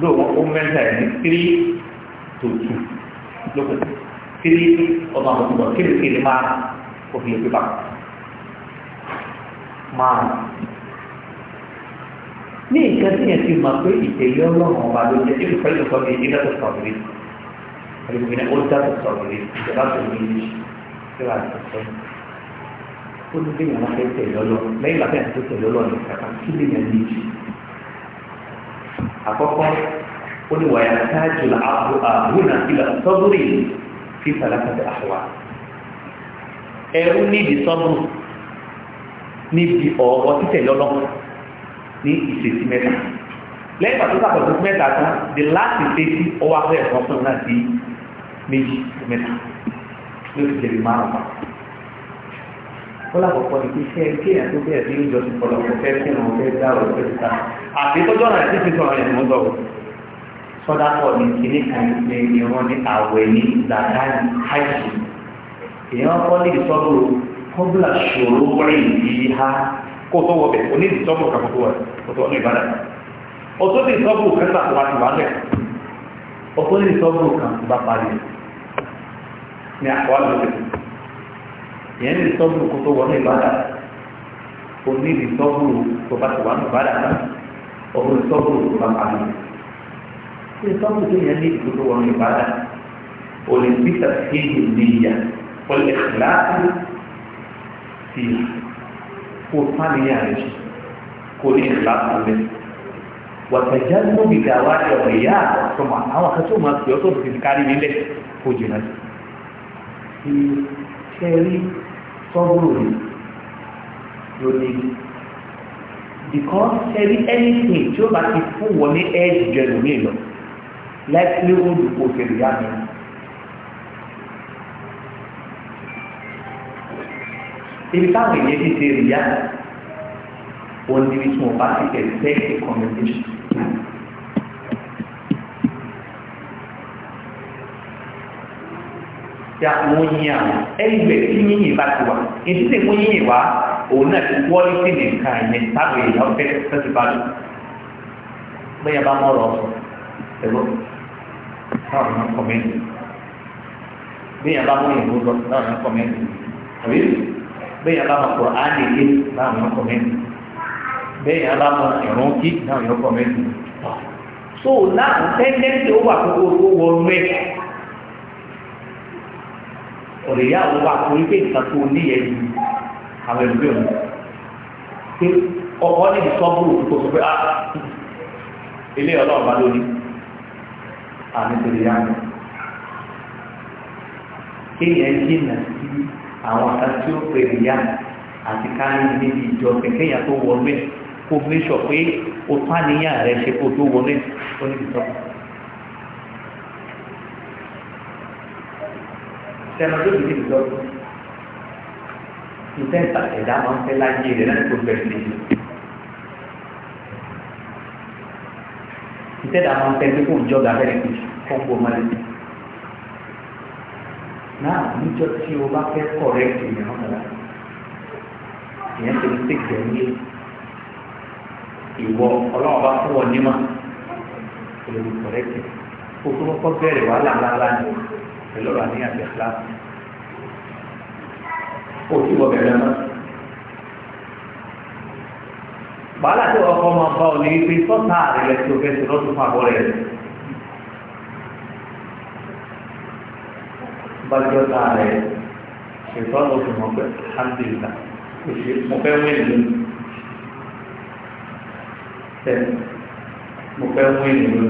Speaker 1: ló wọn ó mẹ́ta ẹ̀ ní tírí tó tù lókè tírí ọmọ àwọn ọmọ kéékèèrè máa kò fi lè pípa máa ní ìkẹ́sìyàn ti mọ̀ pé ìtẹ̀lé ọlọ́run ọba ló jẹ́ ìfẹ́ ìfọ́ni ìdílé tó sọ̀rọ̀ ilumina olùdá tó sọ̀rọ̀ rẹ̀ ìjọba tó ní ilé síra tó sọ ó ní bí yàrá fẹ́ tẹ̀lé ọlọ lẹ́yìn ìgbà fẹ́ẹ́ tó tẹ̀lé ọlọ ní kàkà kí lè yàn ní ìjì àkọ́kọ́ ó ní wàyà sáájú là àbúrò ìlà sọ́búrì fi sàlákàtà àwa ẹrú níbi sọ́bùrù níbi ọ̀rọ̀ títẹ̀lé ọlọ ní ìṣesí mẹ́ta lẹ́yìn ìgbà tó sàkóso mẹ́ta tán the last ìṣesí ọwọ́ afẹ́ ẹ̀kọ́ fún un náà sí méjì mẹ́ta ló ti tẹ̀lé márùn-ún kọ́lá àkọ́kọ́ ni pé fẹ́ kéèyàn tó bẹ̀rẹ̀ sí ìjọ ti pọ̀lọ̀ kò fẹ́ kéèyàn fẹ́ dá ọ̀rọ̀ fẹ́ ta àti tọ́jọ́ náà ti fi sọ̀rọ̀ yẹn mọ́ lọ́wọ́ sọ́dá pọ̀ ní kíní kan ní ìran ní àwẹ̀ ní zakari hajj èèyàn kọ́ ní ìsọ́gbò kọ́bùlà ṣòro wọ́rẹ̀ yìí ha kó tó wọ bẹ̀ oní ìsọ́gbò kan tó wọ̀ ọ̀tọ̀ ọ̀nà ìbàdàn ọ̀tọ̀ ọkọ̀ lè sọ́gbọ̀n kan bá parí ní àkọọ́lù rẹ̀ ìyẹn lè sọ́gbọ̀n kó tó wọlé ìbádà o ní lè sọ́gbọ̀n tó bá tó wà ní ìbádà kan ọkọ̀ lè sọ́gbọ̀n tó bá parí lè sọ́gbọ̀n tó yẹn ní ìlú wọlé ìbádà o lè bí sàkéyì níyà o lè láàbù sí kó fáníyà rẹ̀ kó ní ìlàkùn rẹ̀ wàtẹ̀jẹ́nu gbígbà wá ẹ̀wọ̀n ìyá àtọ̀mọ̀ àwọn kan tó máa fi ọ́ tó fi kárí nílẹ̀ kò jìnnà sí. because kẹrí anything tí ó bá ti fún wọn ní ẹ́ẹ̀dì jẹnu ní ìlọ lẹ́kílẹ̀ ó dùpọ̀ òkèlè yá mi. ibi táwọn èèyàn ti ṣe rí yá òun ni bí tí wọn bá ti kẹ̀ sẹ́ẹ̀kì commendation. tí wọ́n yín àwọn ẹgbẹ́ tí yínyìn bá ti wà èyí tí wọ́n yínyìn wá òun náà ti wọ́n ní sínú nǹkan yẹn tábì ìyá ọ̀fẹ́ tẹ́sí bá lò bẹ́ẹ̀ yẹn bá mọ̀ ọ̀rọ̀ ọ̀sọ̀ ẹ̀rọ náà ní kọ́mẹ́ntì bẹ́ẹ̀ yẹn bá mọ̀ ìlú lọ náà ní kọ́mẹ́ntì àbí bẹ́ẹ̀ yẹn bá mọ̀ kọ̀ áàdì ké náà ní kọ́mẹ́ntì bẹ́ẹ̀ yẹn bá mọ̀ ẹ̀rọ kí so náà tẹ́ńdẹ́ńtì ó wà kókó tó wọ ọ̀rẹ́ yà wọ́n wà torí pé nǹkan tó níyẹn ju àwọn ẹ̀lú bẹ́ẹ̀ pé ọkọ ní ìsọ́bù kò sọ pé a ah, ilé ọlọ́run bá lórí àmì tòlè yà wọ́n kéèyàn jìnnà sí àwọn kan tí ó pèrè yà àti káyọ̀ níbi ìjọ kéèyàn tó wọlé kó mẹ́sọ̀ pé o fàníyàn rẹ̀ ṣe kó tó wọlé ó ní ìsọ́bù. sẹ́nu tó ti dìbò lọ́wọ́ ìfẹ́ ìtàkẹ́dá máa ń fẹ́ láyé rẹ̀ láti kó bẹ̀rẹ̀ lé ìfẹ́ dà máa ń fẹ́ pé kó ń jọ gà fẹ́rẹ̀ kejì kó ń bọ̀ máa lé náà níjọ tí o bá fẹ́ kọ̀rẹ́kì ìyẹn ọ̀gá ìyẹn tó ń tẹ̀gbẹ́ ní ìwọ ọlọ́run bá fún ọ nímọ̀ olùkọ̀rẹ́kì kó tó kọ́kọ́ bẹ̀rẹ̀ wàhálà pẹ̀lú ọ̀rọ̀ àníyàn tẹ̀ kíláàsì
Speaker 2: kò tí wọ́n bẹ̀rẹ̀ náà.
Speaker 1: wàhálà tí ọkọ máa bá ọ ní ibi sọ́tà àrẹ̀lẹ̀ tí o fẹ́ ṣe lọ́dún fún àbọ̀ rẹ̀. bájọ́ tá a rẹ̀ ṣètò àwọn oṣù mọ̀ pé alhamdulilá mo fẹ́ wí ìlú tẹ̀ mo fẹ́ wí ìlú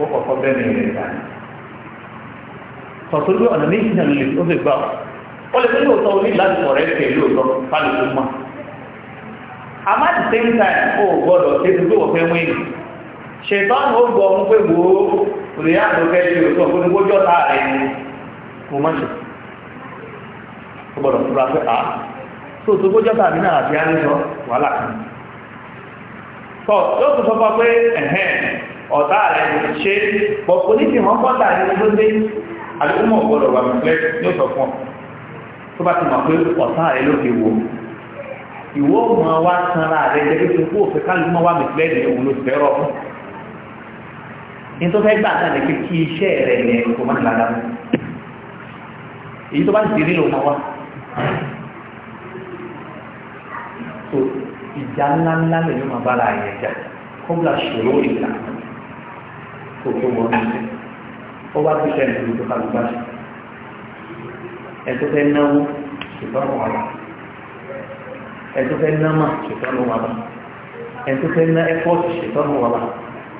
Speaker 1: ó kọ̀kọ́ bẹ́ẹ̀ ni ìrìn àná tọ̀tọ́jú ọ̀nà méjì náà lè ó fi gbà ọ́ ó lè fẹ́ lóòótọ́ orí láti ọ̀rẹ́ tẹ̀ lóòótọ́ fálùkù mọ́ àmọ́ at the same time ó gbọ́dọ̀ ṣe ti pé wọ́n fẹ́ wí ṣètọ́nù ó gbọ́ ọmú pé wò ó rè ṣe òótọ́ kó ní jọ́ ta rẹ̀ ni mo má ṣe ó gbọ́dọ̀ fura pé a tó tó kó jọ́ ta náà àti àrísọ wàhálà kan tọ́ yóò tún sọ fún wa pé ẹ̀hẹ́n ọ̀tá rẹ̀ ṣe pọ̀ polisi wọn bọ́ta ní gbogbo dé àdúgbò ọ̀gbọ́dọ̀ wà pẹ́ ní ọ̀sọ̀ fún ọ tó bá ti mọ̀ pé ọ̀tá rẹ̀ ló fi wò ìwọ ọmọ wa sanra rẹ̀ jẹ́ pé kó o fẹ́ kálù mọ́ wa mìtìlẹ́ ní òun ló ti fẹ́ rọ̀ fún ní tó fẹ́ gbà náà ní pé kí iṣẹ́ rẹ̀ yẹn kò má lára mọ́ èyí tó bá ti rí lòun wa ìjà ńláńlá lè yóò máa bára ẹ̀yẹ̀ jà kó bí a ṣòro ìlànà kò tó wọn ní ṣe ó wá tó ṣẹlẹ̀ ní tó kálukú àṣẹ ẹ tó fẹ́ náwó ṣùgbọ́n wọn wà ẹ tó fẹ́ námà ṣùgbọ́n wọn wà ẹ tó fẹ́ ná ẹfọ́ọ̀tì ṣùgbọ́n wọn wà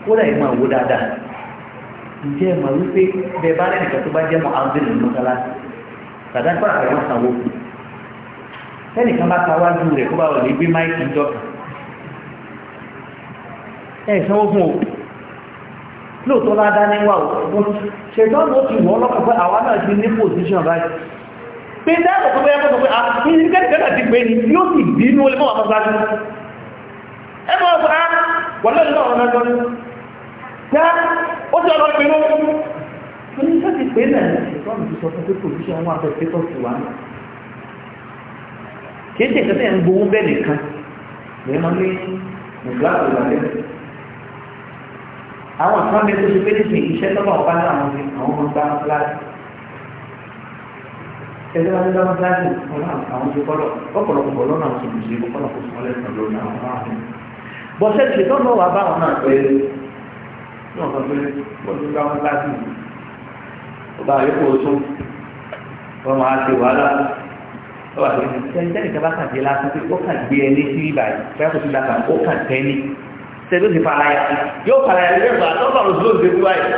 Speaker 1: kódà ẹ máa wó dáadáa ǹjẹ́ ẹ máa wípé bẹ́ẹ̀ bá lẹ́nìkan tó bá jẹ́ mọ́ áńdínlù mọ́sálásí tàdá nípa àpẹẹrẹ wọn sanwó fún tẹ́nìkan bá ta wájú rẹ̀ kó bá wọlé gbé máìkì ń jọ ẹ̀ sanwó fún o lóòótọ́ ládá níwà òkú ṣètọ́nù ó ti wọ́n lọ́pọ̀ pé àwa náà ti ní pòsíṣàn báyìí pé dáàbò tó bẹ́yà pọ̀tọ̀ pé àti ah, kẹ́kẹ́kẹ́ ti pé ní yóò sì bínú olè mọ́ àwọn sáájú ẹ mọ́ ọ̀pọ̀ náà wọ́n lọ́nà ọ̀rọ̀ náà lọ́nà tá ó ti ọ̀rọ̀ pé lọ́wọ́ tó ní sọ́ ti pé náà ní ṣètọ́nù ti sọ fún pé pòsíṣàn wọn àfẹ́ pẹ́tọ̀ sí wa náà kì í ṣe ìṣẹ́ àwọn kan bẹ tó ṣe pé níbi iṣẹ́ lọ́wọ́ ọ̀pá láwọn ọmọ àwọn ọmọ gba fúláṣí ẹgbẹ́ wọn lọ́wọ́ fúláṣí àwọn ti kọ́lọ̀ ọ̀pọ̀lọpọ̀ lọ́nà àwọn tòun ṣe kọ́lọ̀ kó sùn lẹ́sìn lórí àwọn ọmọ àwọn bọ́sẹ̀ ṣe tó lọ́wọ́ bá wọn náà pẹ̀lú náà kan pé wọ́n ti gba wọn fúláṣí ọba àyẹ̀kọ́ oṣù wọn máa ṣe wàhálà ọba àyẹ̀kọ́ tẹ̀lé ti falaya yóò falaya lé ẹ̀fà lọ́pàá lọ́sọ́ ló ń gbé wáyé.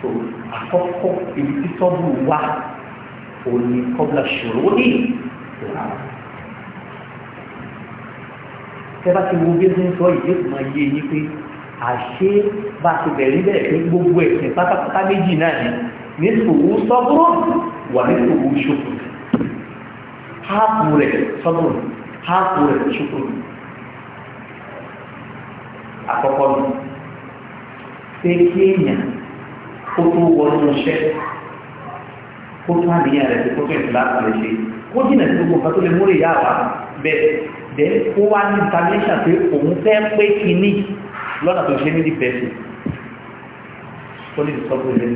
Speaker 1: tó àkọ́kọ́ ibi tí tọ́bù wá òní kọ́bla ṣòro ní ìlà. tẹ́lá ti wo bí ẹni sọ yìí yóò máa yé yín pé àṣé bá a ti bẹ̀rẹ̀ bẹ̀rẹ̀ pé gbogbo ẹ̀sìn pátápátá méjì náà ni ní sòwò wà ní sòwò
Speaker 2: háàpù rẹ̀
Speaker 1: sọ́bùrù háàpù rẹ̀ ṣòkùrù àkọ́kọ́ ni pé kí èèyàn kó tó wọnú iṣẹ́ kó tó àníyàn rẹ̀ kó tó ìfìlà àlẹ́ ṣe kó jìnà sí gbogbo nǹkan tó lè múrè yá wa bẹ́ẹ̀ bẹ́ẹ̀ kó wá ní ìtàlẹ́ṣà pé òun fẹ́ pé kínní lọ́nà tó ṣe ní ìdí bẹ́ẹ̀ sí ó ní ìsọ́gbó ilé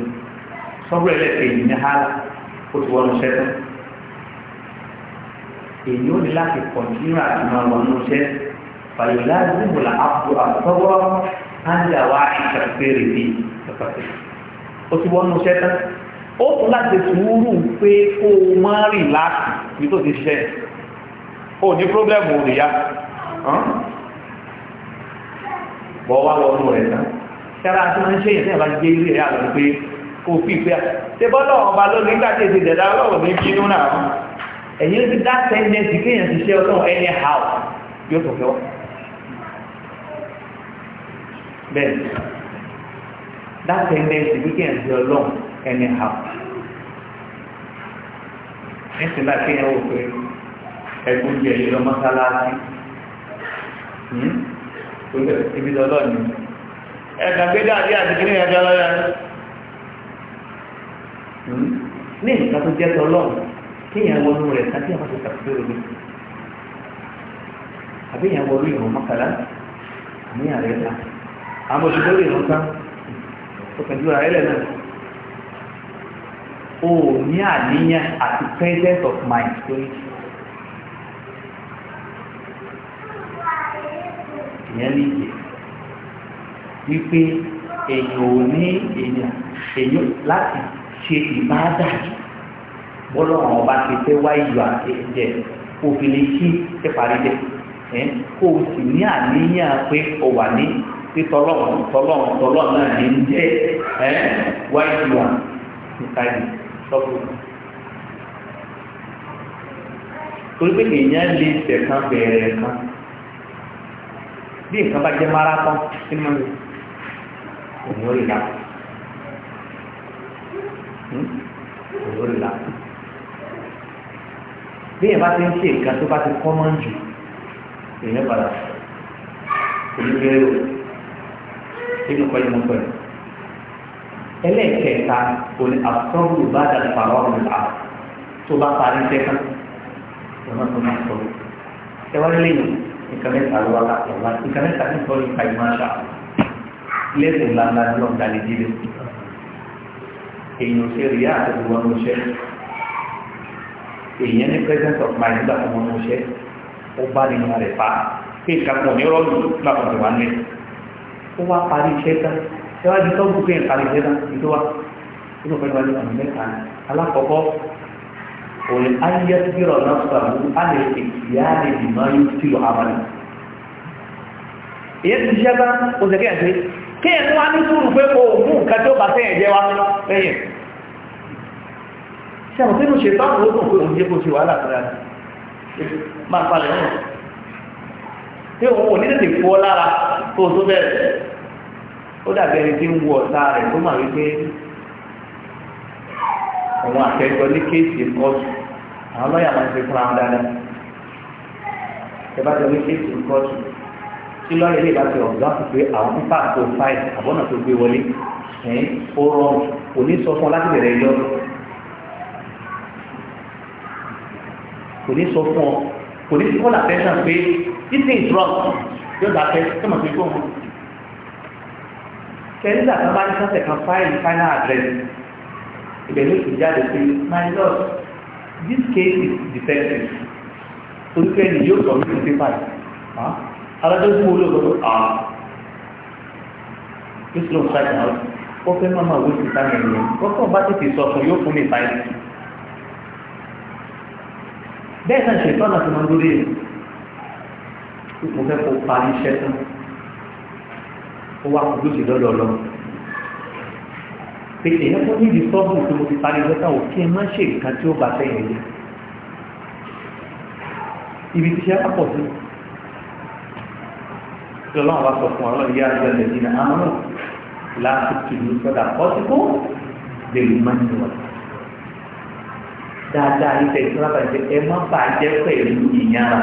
Speaker 1: sọ́gbó ilé kejì ní hálà ó ti wọnú iṣẹ́ tán èyí ó ní láti kọ̀ntínú àti máa wọnú iṣẹ́ فيلازم العبد الصبر عن دواعي تكفيره ó ti wọ́n nu iṣẹ́ tán ó tún láti sùúrù pé kó o máa rì láàkì bí tó ti ṣiṣẹ́ ó ní pírọ́blẹ́mù ò lè yá bọ́ wá wọnú rẹ̀ tán sára tí wọ́n ń ṣe ìṣẹ́ ìbá gbé ilé ẹ̀yà lọ pé kó o fi ìfẹ́ ṣe bọ́lọ̀ ọba lónìí anyhow yóò bẹ́ẹ̀ that tendency bí kéèyàn ti ọlọ́run ẹni hà nísìn náà kéèyàn wò pé ẹgbẹ́ oúnjẹ yìí lọ mọ́sálásí hmm? ibi tí ọlọ́run ni ẹ̀ka gbé dáadé àti kíní ẹ̀ka lọ́yà hmm? ní nǹkan tó jẹ́ tọ́lọ́run kéèyàn wọnú rẹ̀ sábẹ́ àwọn tó tàbí lórí àbí èèyàn wọlú ìrùn mọ́kànlá ní àrẹ́ta àmọ́ ṣe lórí ìrántá ó kẹjú ara ẹlẹ́ náà o ní àníyàn àti presence of mind tó ní ìyẹn ní ìyẹ wípé èèyàn ò ní èèyàn èèyàn láti ṣe ìbáàdà bọ́lọ̀ àwọn ọba ti fẹ́ wá ìyọ̀ àti ẹ̀jẹ̀ òfin lè ṣí ẹ̀parí jẹ kó o sì ní àníyàn pé o wà ní ìtọ́lọ́wọ̀n ìtọ́lọ́wọ̀n ìtọ́lọ́wọ̀n náà lè ń jẹ́ ẹ́ wáyé wa ìtàgé sọ́kùn. torí pé èèyàn lè tẹ̀kan bẹ̀rẹ̀ kan bí nǹkan bá jẹ́ marathon sínú òun ò lè la
Speaker 2: hmm? òun
Speaker 1: ò lè la bí èèyàn bá ti ń ṣe nǹkan tó bá ti kọ́ mọ́ jù èèyàn padà kò ní bẹ́ẹ̀ o nínú kọ́yìn mú pẹ̀lú. ẹlẹ́ẹ̀kẹta kò ní àtọ́wò bá dàgbà pàrọ̀ ọ̀rọ̀ ìlà tó bá parí iṣẹ́ kan lọ́nà tó máa sọ. ẹ wá lé nǹkan mẹ́ta ló wá ká pọ̀ wá nǹkan mẹ́ta ní sọ ìka ìmáṣà lẹ́sìn ńláńlá ní ọ̀gá lè dídé. èèyàn ṣe rí àtẹ̀wò ọmọ iṣẹ́ èèyàn ní presence of mind nígbà tó mọ ọmọ iṣẹ́ ó bá nínú rẹ̀ pa kí ìkàkùn ní rọ́ọ̀lù ó wá parí iṣẹ́ tán ṣẹ́wájú tó gbogbo yẹn parí iṣẹ́ tán ìlú wa inú fẹ́ wájú ọ̀nà mẹ́ta ni alákọ̀ọ́kọ́ òní ayé bírọ̀ náà sọ̀rọ̀ a lè fi ìyá lè dì máa yóò ti lọ àmàlà. èyí ti ṣiṣẹ́ tán ó ṣe kéèyàn ṣe kéèyàn tó wá ní sùúrù pé o mú nǹkan tó bá sẹ́yìn jẹ́ wá lẹ́yìn. ṣé àwọn sínú ṣe báwo ló dùn pé òun jẹ́ kó ṣe wàhálà síra máa palẹ̀ wọn. pé òun ò ní tètè fọ́ lára tó tó bẹ̀rẹ̀ ó dàbí ẹni tí ń wo ọ̀tá rẹ̀ tó mà wípé òun àtẹ́jọ́ ní kéèsì kọ́ọ̀tù àwọn lọ́ọ̀yà máa ń fi fúnra wọn dáadáa ẹ bá jọ ní kéèsì kọ́ọ̀tù tí lọ́ọ̀yà lè bá ti ọ̀gá fún pé àwọn pípà tó fáìl àbọ̀nà tó gbé wọlé ẹ̀yìn ó rọrùn kò ní sọ fún ọ láti bẹ̀rẹ̀ ẹjọ́ kò ní sọ fún ọ kò ní sí kọ́lá tẹ́sán pé this thing is wrong yóò dá tẹ́sán tó mọ̀ sí fún tẹ́lifà tó bá ní sọ́sẹ̀ kan fáìlì final address ibẹ̀ ló ti jáde pé my lord this case is defective torí pé ẹni yóò sọ̀rọ̀ ní pépà
Speaker 2: yìí
Speaker 1: alájọ́ fún ah, this islam strike out ó fẹ́ máa máa wéṣì sáà nìyẹn kọ́kọ́ bá tètè sọ fún yóò fún mi báyìí bẹ́ẹ̀ náà ṣètò àti mọ́ndúrí mo fẹ́ kó parí iṣẹ́ tán ó wá kó lóṣèlú lọ́lọ́ pèsè ẹ̀kọ́ níbi sọ́ọ̀bù tó mo ti parí lọ́tà ò kí ẹ má ṣe nǹkan tí ó bá sẹ́yìn ẹ̀yẹ ibi tí ṣe pọ̀ sí lọ́lọ́run wa sọ fún ọlọ́run yá ẹgbẹ́ lẹ́yìn náà àmọ́ láti tìlú sọ́dà pọ́sibú lèlú má ní wọn dáadáa ìfẹ́ ìtura ẹ má bàjẹ́ pẹ̀lú ìyára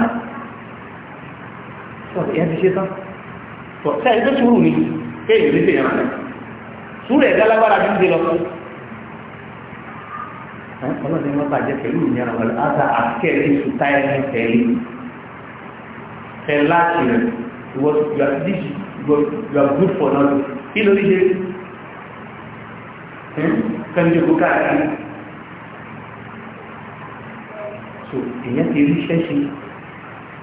Speaker 1: sọ́ọ̀tì ẹ ti ṣe tán tọ̀tẹ́ ẹgbẹ́ sùúrù ni kéèyàn ní tèèyàn rẹ̀ sùúrù ẹ̀dá lágbára bí ń dé lọ fún ọlọ́dún wọn bàjẹ́ pẹ̀lú ìyára wọn láta àkẹ́ẹ̀kì sùtá you are good for nothing kí ló ní dé kẹ́ńdé kó káàkiri so èèyàn ti rí ṣẹ́ṣe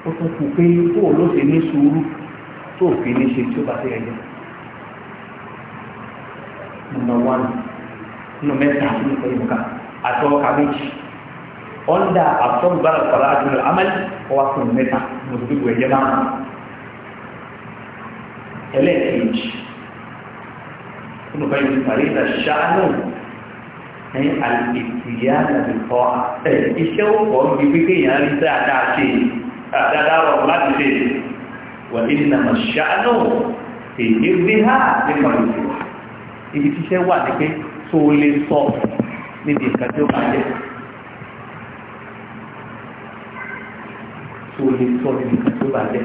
Speaker 1: ó tún kù pé kó o ló ṣe ní sùúrù tó fi ní ṣe tí ó bá fẹ́ ẹ̀yẹ. nọmba wán nínú mẹ́ta nínú pẹ̀lú ìmọ̀ká àti ọkà méjì ọ̀ndà àtọ́gbàrà kọ̀ọ̀lá àdúrà amálì ọwá fún mẹ́ta mo ti gbogbo ẹ̀yẹ máa ẹlẹ́ẹ̀kejì nínú pẹ̀lú ìparí ìdá ṣáánù ní àlèkìyà nàbì kọ́ iṣẹ́ òkò ń bi pé kéèyàn rí sí àdáṣe àdádárọ̀ láti ṣe وإنما الشأن في إذنها لمرجوع ibi tíṣẹ́ wà ní pé tó lè sọ níbi nǹkan tí ó bá jẹ́ tó lè sọ níbi nǹkan tí ó bá jẹ́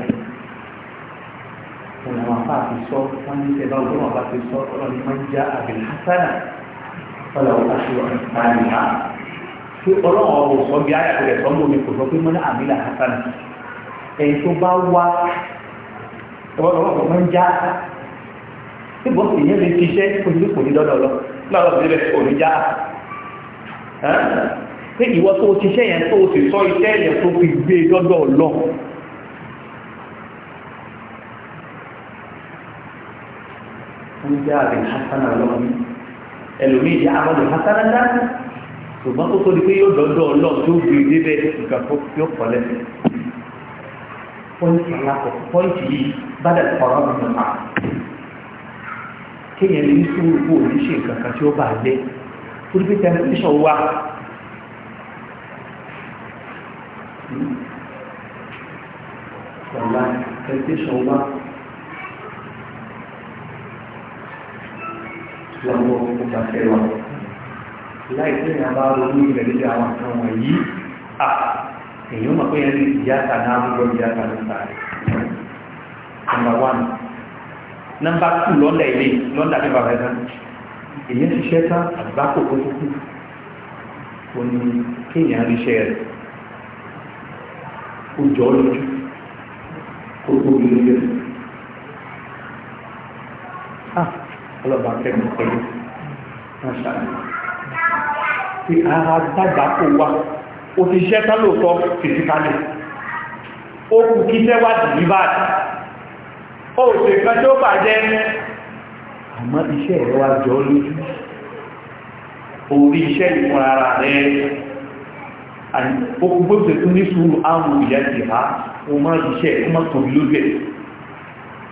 Speaker 1: òun àwọn afá àti sọ wọn ní sẹ́dá ọdún wọn bá ti sọ ọlọ́run ní wọ́n já àbẹ̀lẹ̀ hasana ọlọ́run bá ti wọ́n ta ní ha pé ọlọ́run ọ̀rọ̀ sọ bí ayàtọ̀ rẹ̀ sọ́mọ́ mi kò sọ pé mọ́lá àbílà hasana ẹ̀yìn tó bá wá ọlọ́rọ̀ máa ń já níbo èèyàn lè fi iṣẹ́ ojú kò ní dọ́dọ̀ lọ náà lọ sí rẹ̀ kò ní já pé ìwọ tó ti iṣẹ́ yẹn tó ti sọ iṣẹ́ yẹn tó fi gbé dọ́dọ̀ lọ wọ́n já àbí hasana lọ́wọ́ ẹlòmíì jẹ́ àwọn ọdún hasana dá ṣùgbọ́n tó tó di pé yóò dọ́dọ̀ lọ tó gbé débẹ̀ ìgbà tó yóò kọ́lẹ̀ pọ́ìntì alákọ̀ pọ́ìntì yìí bádà ọ̀rọ̀ mi nà máa kéèyàn lè ní sùúrù kó o ní ṣe nǹkan kan tí ó bá jẹ́ torí pé tẹlifíṣàn wà ọ̀la hmm? tẹlifíṣàn wà lọ́wọ́ ọba fẹ́ wa láìpẹ́ ìyàbá ronú ìrẹ̀lẹ́dẹ̀ àwọn kan wọ̀nyí ah! èyí ó mọ̀ pé ẹni ìyáta náà ló lọ ìyáta ló ta rẹ̀ nọmba wán nọmba tù lọ́lẹ̀ ilé lọ́ndà ní bàbá ẹ̀dá èyí ń ṣiṣẹ́ tán àgbákò tó tó kù ó ní kéèyàn ríṣẹ́ rẹ̀ ó jọ lójú
Speaker 2: ó tó lójú rẹ̀
Speaker 1: ọlọ́ba kẹ́kọ̀ọ́ pẹ̀lú máṣáà tí ara gbàgbà kò wá ó ti ṣẹ́ tán lóòótọ́ fìsíkálẹ̀ ó kù kí sẹ́wà dìlíbàd ó ṣe kan tó bàjẹ́ àmọ́ iṣẹ́ rẹ̀ wá jọ lójú orí iṣẹ́ ìfúnra rẹ̀ ó kú gbóṣe tún ní sùúrù àwọn ìyá ti ha ó má iṣẹ́ ó má tóbi lójú ẹ̀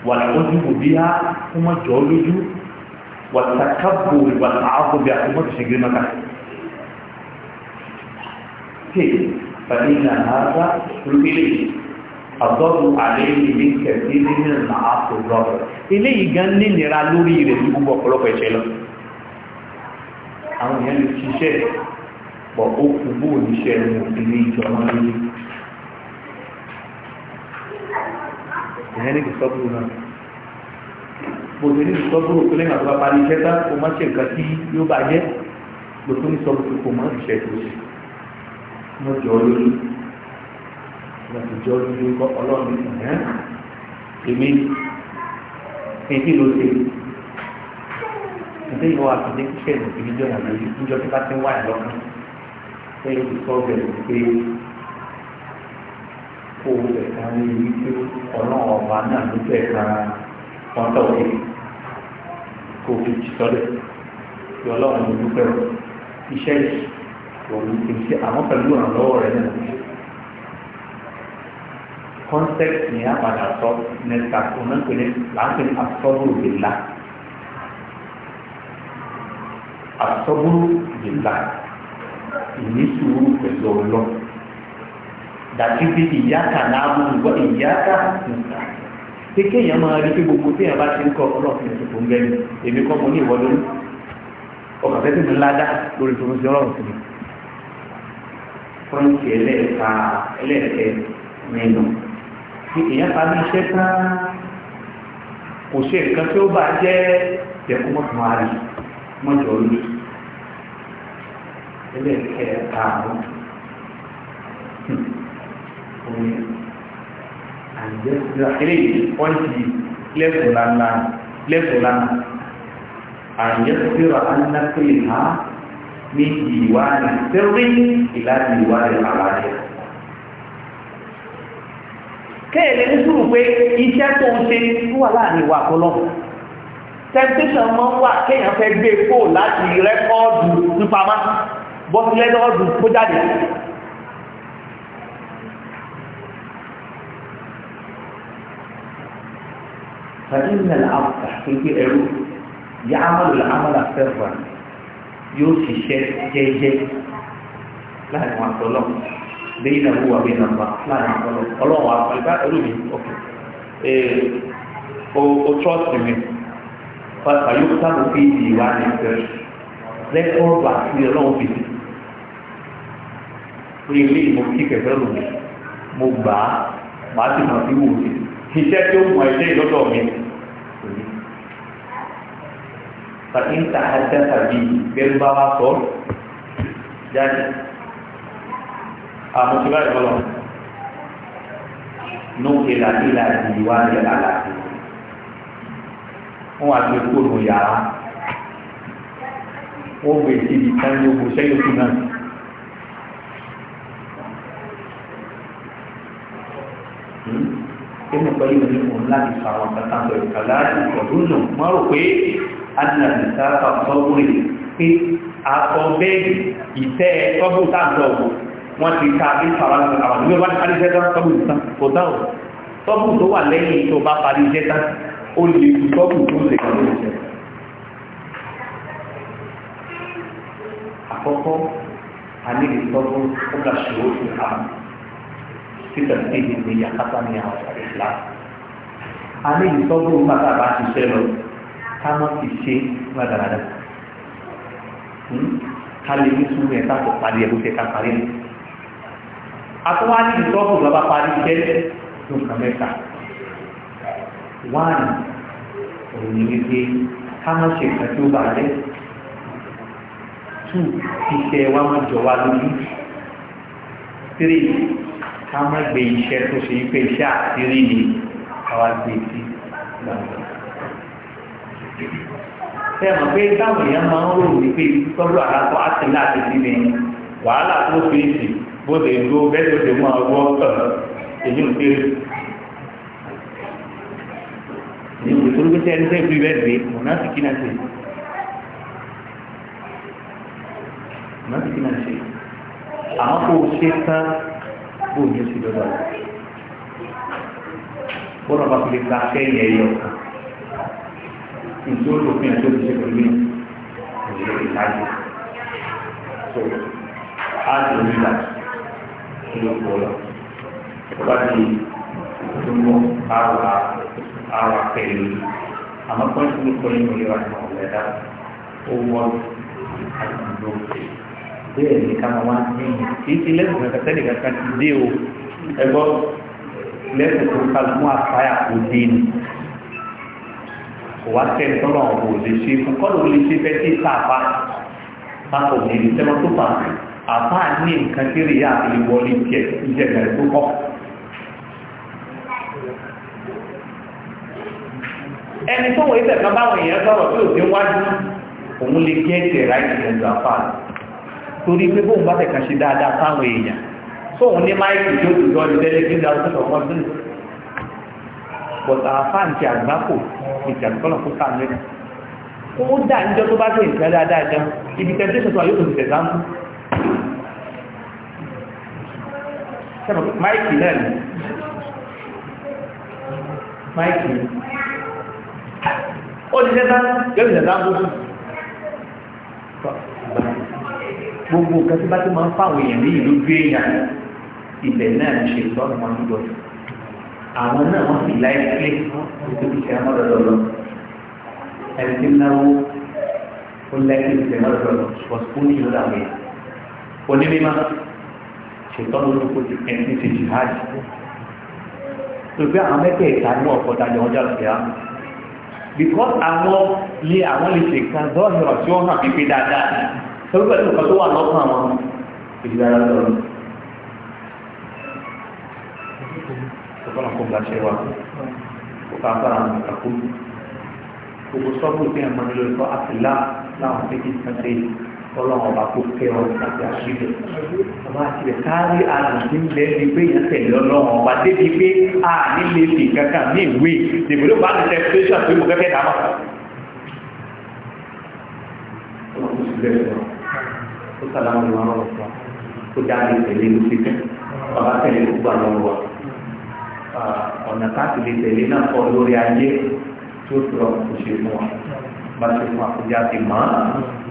Speaker 1: wà lọ́jú kò bí ha ó má jọ lójú wà tàkàbò ìwà tààkò bí a ó تلك فإن هذا رجلي أضر عليه من كثير من المعاصي الضرر إليه gan ní nira lórí rẹ̀ ní gbogbo ọ̀pọ̀lọpọ̀ ẹ̀ṣẹ̀ lọ àwọn èèyàn lè ṣiṣẹ́ bọ̀ ó kú bó oníṣẹ́ ẹ̀mú ilé ìjọba lórí ìyẹn ní ìsọ́gbùrù náà bó ṣe ní ìsọ́gbùrù tó lẹ́yìn àti bàbá ní iṣẹ́ tá kó má ṣe nǹkan tí yóò bàjẹ́ lóṣù ní ìsọ́gbùrù kó má ṣiṣẹ́ tó ṣe wọ́n jọ lórí wọ́n ti jọ lórí kọ́ ọlọ́run ẹ̀ èmi èmi ló ṣe ìdí ìwọ àtúndé kíkẹ́ ìlú ìbí jọ yàrá yìí níjọ tí bá ti ń wáyà lọ́kàn lẹ́yìn tí sọ́ọ́ bẹ̀rẹ̀ pé kó o bẹ̀ ká ní ibi tí ọlọ́run ọba náà ló bẹ̀ ká pọ́ńtọ̀ wẹ̀ kó o fi jì sọ́lẹ̀ yọ ọlọ́run ló dúpẹ́ iṣẹ́ yìí òun ti ṣe àwọn pẹ̀lú ìrànlọ́wọ́ rẹ̀ náà concept ni a padà sọ nípa òun pè ní láti asọ́bùrù bìlá asọ́bùrù bìlá ìnísùúrù pẹ̀lú ọlọ́ dàbí bí ìyáka náà mú ìwọ ìyáka nǹkan kéèké èèyàn máa rí pé gbogbo tí èèyàn bá ti ń kọ ọlọ́ọ̀fin ẹ̀sìn tó èmi kọ́ mo ní ìwọ́dọ́rú ọkàn fẹ́ẹ́ sì ń ládàá lórí tó ń ṣe ọlọ́run pọ́ǹtì ẹlẹ́ẹ̀ka ẹlẹ́ẹ̀kẹ́ nínú bí èèyàn bá ní iṣẹ́ tán kò ṣe nǹkan tí ó bá jẹ́ ìdẹ́kùn mọ́tò máa mọ́tò orí ẹlẹ́ẹ̀kẹ́ta àwọn omi
Speaker 2: àjẹsíra
Speaker 1: eléyìí pọ́ǹtì lẹ́kùn lánàá lẹ́kùn lánàá àjẹsíra anákìlì náà. من ìwádìí sẹ́rí ìlànà ìwádìí àwádìí. kéèlè ń sùn pé iṣẹ́ tó ń ṣe wà láàrin ìwà kọlọ́ tẹ́ńtẹ́sán máa ń wà kéèyàn fẹ́ gbé kó láti rẹ́kọ́ọ̀dù nípamá bọ́sílẹ́dọ́ọ̀dù kó jáde. فإن العبد في الأرض يعمل العمل سرا yóò ṣiṣẹ́ jẹ́jẹ́ láàrin wọn àtọ́lọ́ bẹ́yìn náà wúwa bẹ́yìn náà bá láàrin àtọ́lọ́ ọlọ́run àpàlùbá ẹlú mi ọ̀kẹ́ o trọ́ọ̀tì mi pàpà yóò sábò fi ìdí ìwà ní ìfẹ́ lẹ́kọ̀ọ́ bá sí ọlọ́run bìbí orí ilé ìmọ̀ kí kẹ̀kẹ́ lò mí mo gbà á màá sì mọ̀ sí wò ó ṣiṣẹ́ tí ó mọ ìlọ́dọ̀ mi. fàtí ta àjẹ́ tàbí bẹ́rù bá wá sọ jáde àmọ́sílá ìrọ̀lọ́ nókè láti láti ìwà rẹ̀ aláàbò wọ́n wá gbé kóònù yàrá wọ́n gbé síbi kan ní ogun sẹ́yìn òkú náà Mm-hmm ẹnu pẹ̀lú ìlú òun láti fa àwọn kàtà pẹ̀lú kàlá ìkọ̀dúnnù wọ́n rò pé adìnàdìsá àtọ́kùnrin pé àtọ́bẹ́ ìtẹ́ tọ́bù tààtọ̀ wọ́n ti ká ní fara àwọn ìwé wá ní parí jẹ́ta tọ́bù nìkan kò dá o tọ́bù tó wà lẹ́yìn tó bá parí jẹ́ta ó lè fi tọ́bù tó lè kàn ló jẹ́ àkọ́kọ́ àníbi tọ́bù ṣòro fún àwọn títà sí ìdílé yakata ní àwọn ọ̀rẹ́ ìlà. a ní ìtọ́jú bàtà bá ṣiṣẹ́ lọ ká má ti ṣe rádaràdà hmm? ká lè ní sùúrù ẹ̀ káàkó parí ẹ̀ bó ṣe ká parí ẹ̀. àtúwá ní ìtọ́jú bàbá parí iṣẹ́ nǹkan mẹ́ta wáàní òun ní wípé ká ṣe nǹkan bá rẹ̀ tù iṣẹ́ wa má jọ wá lójú tírì ká má gbé iṣẹ́ tó ṣe wípé iṣẹ́ àtìrí ni káwá gbé sí gbàgbọ́.
Speaker 2: ṣé ẹ mọ̀ pé táwọn èèyàn máa ń rò
Speaker 1: wípé tọ́jú àlàkọ́ àti láti sí ni wàhálà tó fi ń sì bó lè lo bẹ́ẹ̀ tó ṣe mú àwọn ọkọ̀ èyí ń pè ní ìwòsàn tó ṣe ẹni tó fi bẹ́ẹ̀ mọ̀ náà sì kí náà náà sì kí náà àwọn kò ṣe tán bó ní oṣù lọ́dọ̀ bọ́lá bá fi lè gba akẹ́yìn ẹ̀yọ nǹkan tó lòfin ẹ̀ tó ti ṣe pẹ̀lú ìṣẹ̀lẹ̀ ìtajà so a ti rí ìlà kí ló pọ̀ lọ bá ti tó mọ́ àwà àwà pẹ̀lú àmọ́ pọ́ńtì ló pọ̀ nínú ìlera ìmọ̀ ọ̀lẹ́dá ó wọ́n àti ìdúró bẹ́ẹ̀ ni ká máa wá ní kìí ti lẹ́sùn kankan sẹ́ni kankan ti dé o ẹgbọ́ lẹ́sùn tó ká mú àfáyà kò dé ni kò wá sẹ́ni tọ́lọ̀ ọ̀hún ò lè ṣe fún kọ́lù ò lè ṣe fẹ́ sí sáàpá sáàpọ̀ ní ìlú sẹ́wọ́n tó fà àfá ní nǹkan tí rí yáà wọlé tiẹ̀ ìjẹ̀bẹ̀ tó kọ́
Speaker 2: ẹni tó wọ ibẹ̀ kan báwọn èèyàn sọ̀rọ̀ tí ò sí wájú
Speaker 1: òun lè gé ẹ̀jẹ̀ láì torí pé bóun bá tẹ̀ka ṣe dáadáa fáwọn èèyàn sóun ní máìkì tó dùn lọ́dún tẹ́lẹ̀ kí ní àwọn tó wọ́n dùn bọ̀tà àfáǹtì àgbákò ìjàdùkọ́lọ̀ kó kà mẹ́rin kó ó dà níjọ́ tó bá tẹ̀ ìṣẹ́ dáadáa jẹun ibi tẹ́ tó wà yóò tó tẹ̀
Speaker 2: máìkì náà ni
Speaker 1: máìkì ó ti tẹ́sán yóò tẹ̀ sáńkú gbogbo nǹkan tí bá ti máa ń fáwọn èèyàn ní ìlú gbé èèyàn ibẹ̀ náà ń ṣe ìtọ́nù wọn lọ àwọn náà wọ́n sì láì pé ètò ìṣẹ́ wọn lọ́dọọdọ ẹni tí náwó ó lẹ́kìn ìṣẹ́ wọn lọ́dọọdọ ṣùgbọ́n ó ní ìlú làwọn èèyàn onímọ̀ ṣètọ́nù olóko ti ẹni tí ṣe jìhádì tòbí àwọn mẹ́tẹ̀ẹ̀ta ní ọ̀pọ̀ dájọ́ ọjọ́ ìṣẹ́ wọn because àwọn lé àwọn lè ṣe kan zọ́ọ̀ṣọ̀rọ̀ tí ó hàn pípé dáadáa tẹ́wọ́n pẹ̀lú nǹkan tó wà lọ́kàn àwọn ìdára lọ́rùn. Ọ̀pọ̀lọpọ̀ kò gbà ṣe wa, kò ká sára àwọn ìkàkú. Gbogbo sọ́kù tí ẹ̀mọ́ nílò ìkọ́ àtìlá láwọn pé kí n kan ṣe ọlọ́run ọba kó kẹ́ ọ láti àṣírí. Ọba àṣírí kárí àlùmí lẹ́ ní pé yẹn tẹ̀lé ọlọ́run ọba débi pé a nílé fi kankan ní ìwé ìdìbò bá ti tẹ̀ pé mo kẹ́kẹ́ dàmọ́. Ọlọ́run ti bẹ̀rẹ̀ kó sàlámù ní wọn lọ fún wa kó dáadé tẹ̀lé ló fi tẹ́ bàbá tẹ̀lé ló gbà lọ́wọ́ wa ọ̀nà káàkiri tẹ̀lé náà kọ́ lórí ayé tó sọ̀rọ̀ kò ṣe fún wa bá ṣe fún àkójá ti mọ́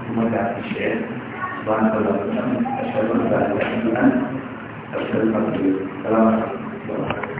Speaker 1: ọmọdé àti ṣẹ́ bá ń sọ̀rọ̀ ẹ̀ṣọ́ lọ́dọ̀ àti ẹ̀ṣọ́ lọ́dọ̀
Speaker 2: àti ẹ̀ṣọ́ lọ́dọ̀ àti ẹ̀ṣọ́ lọ́dọ̀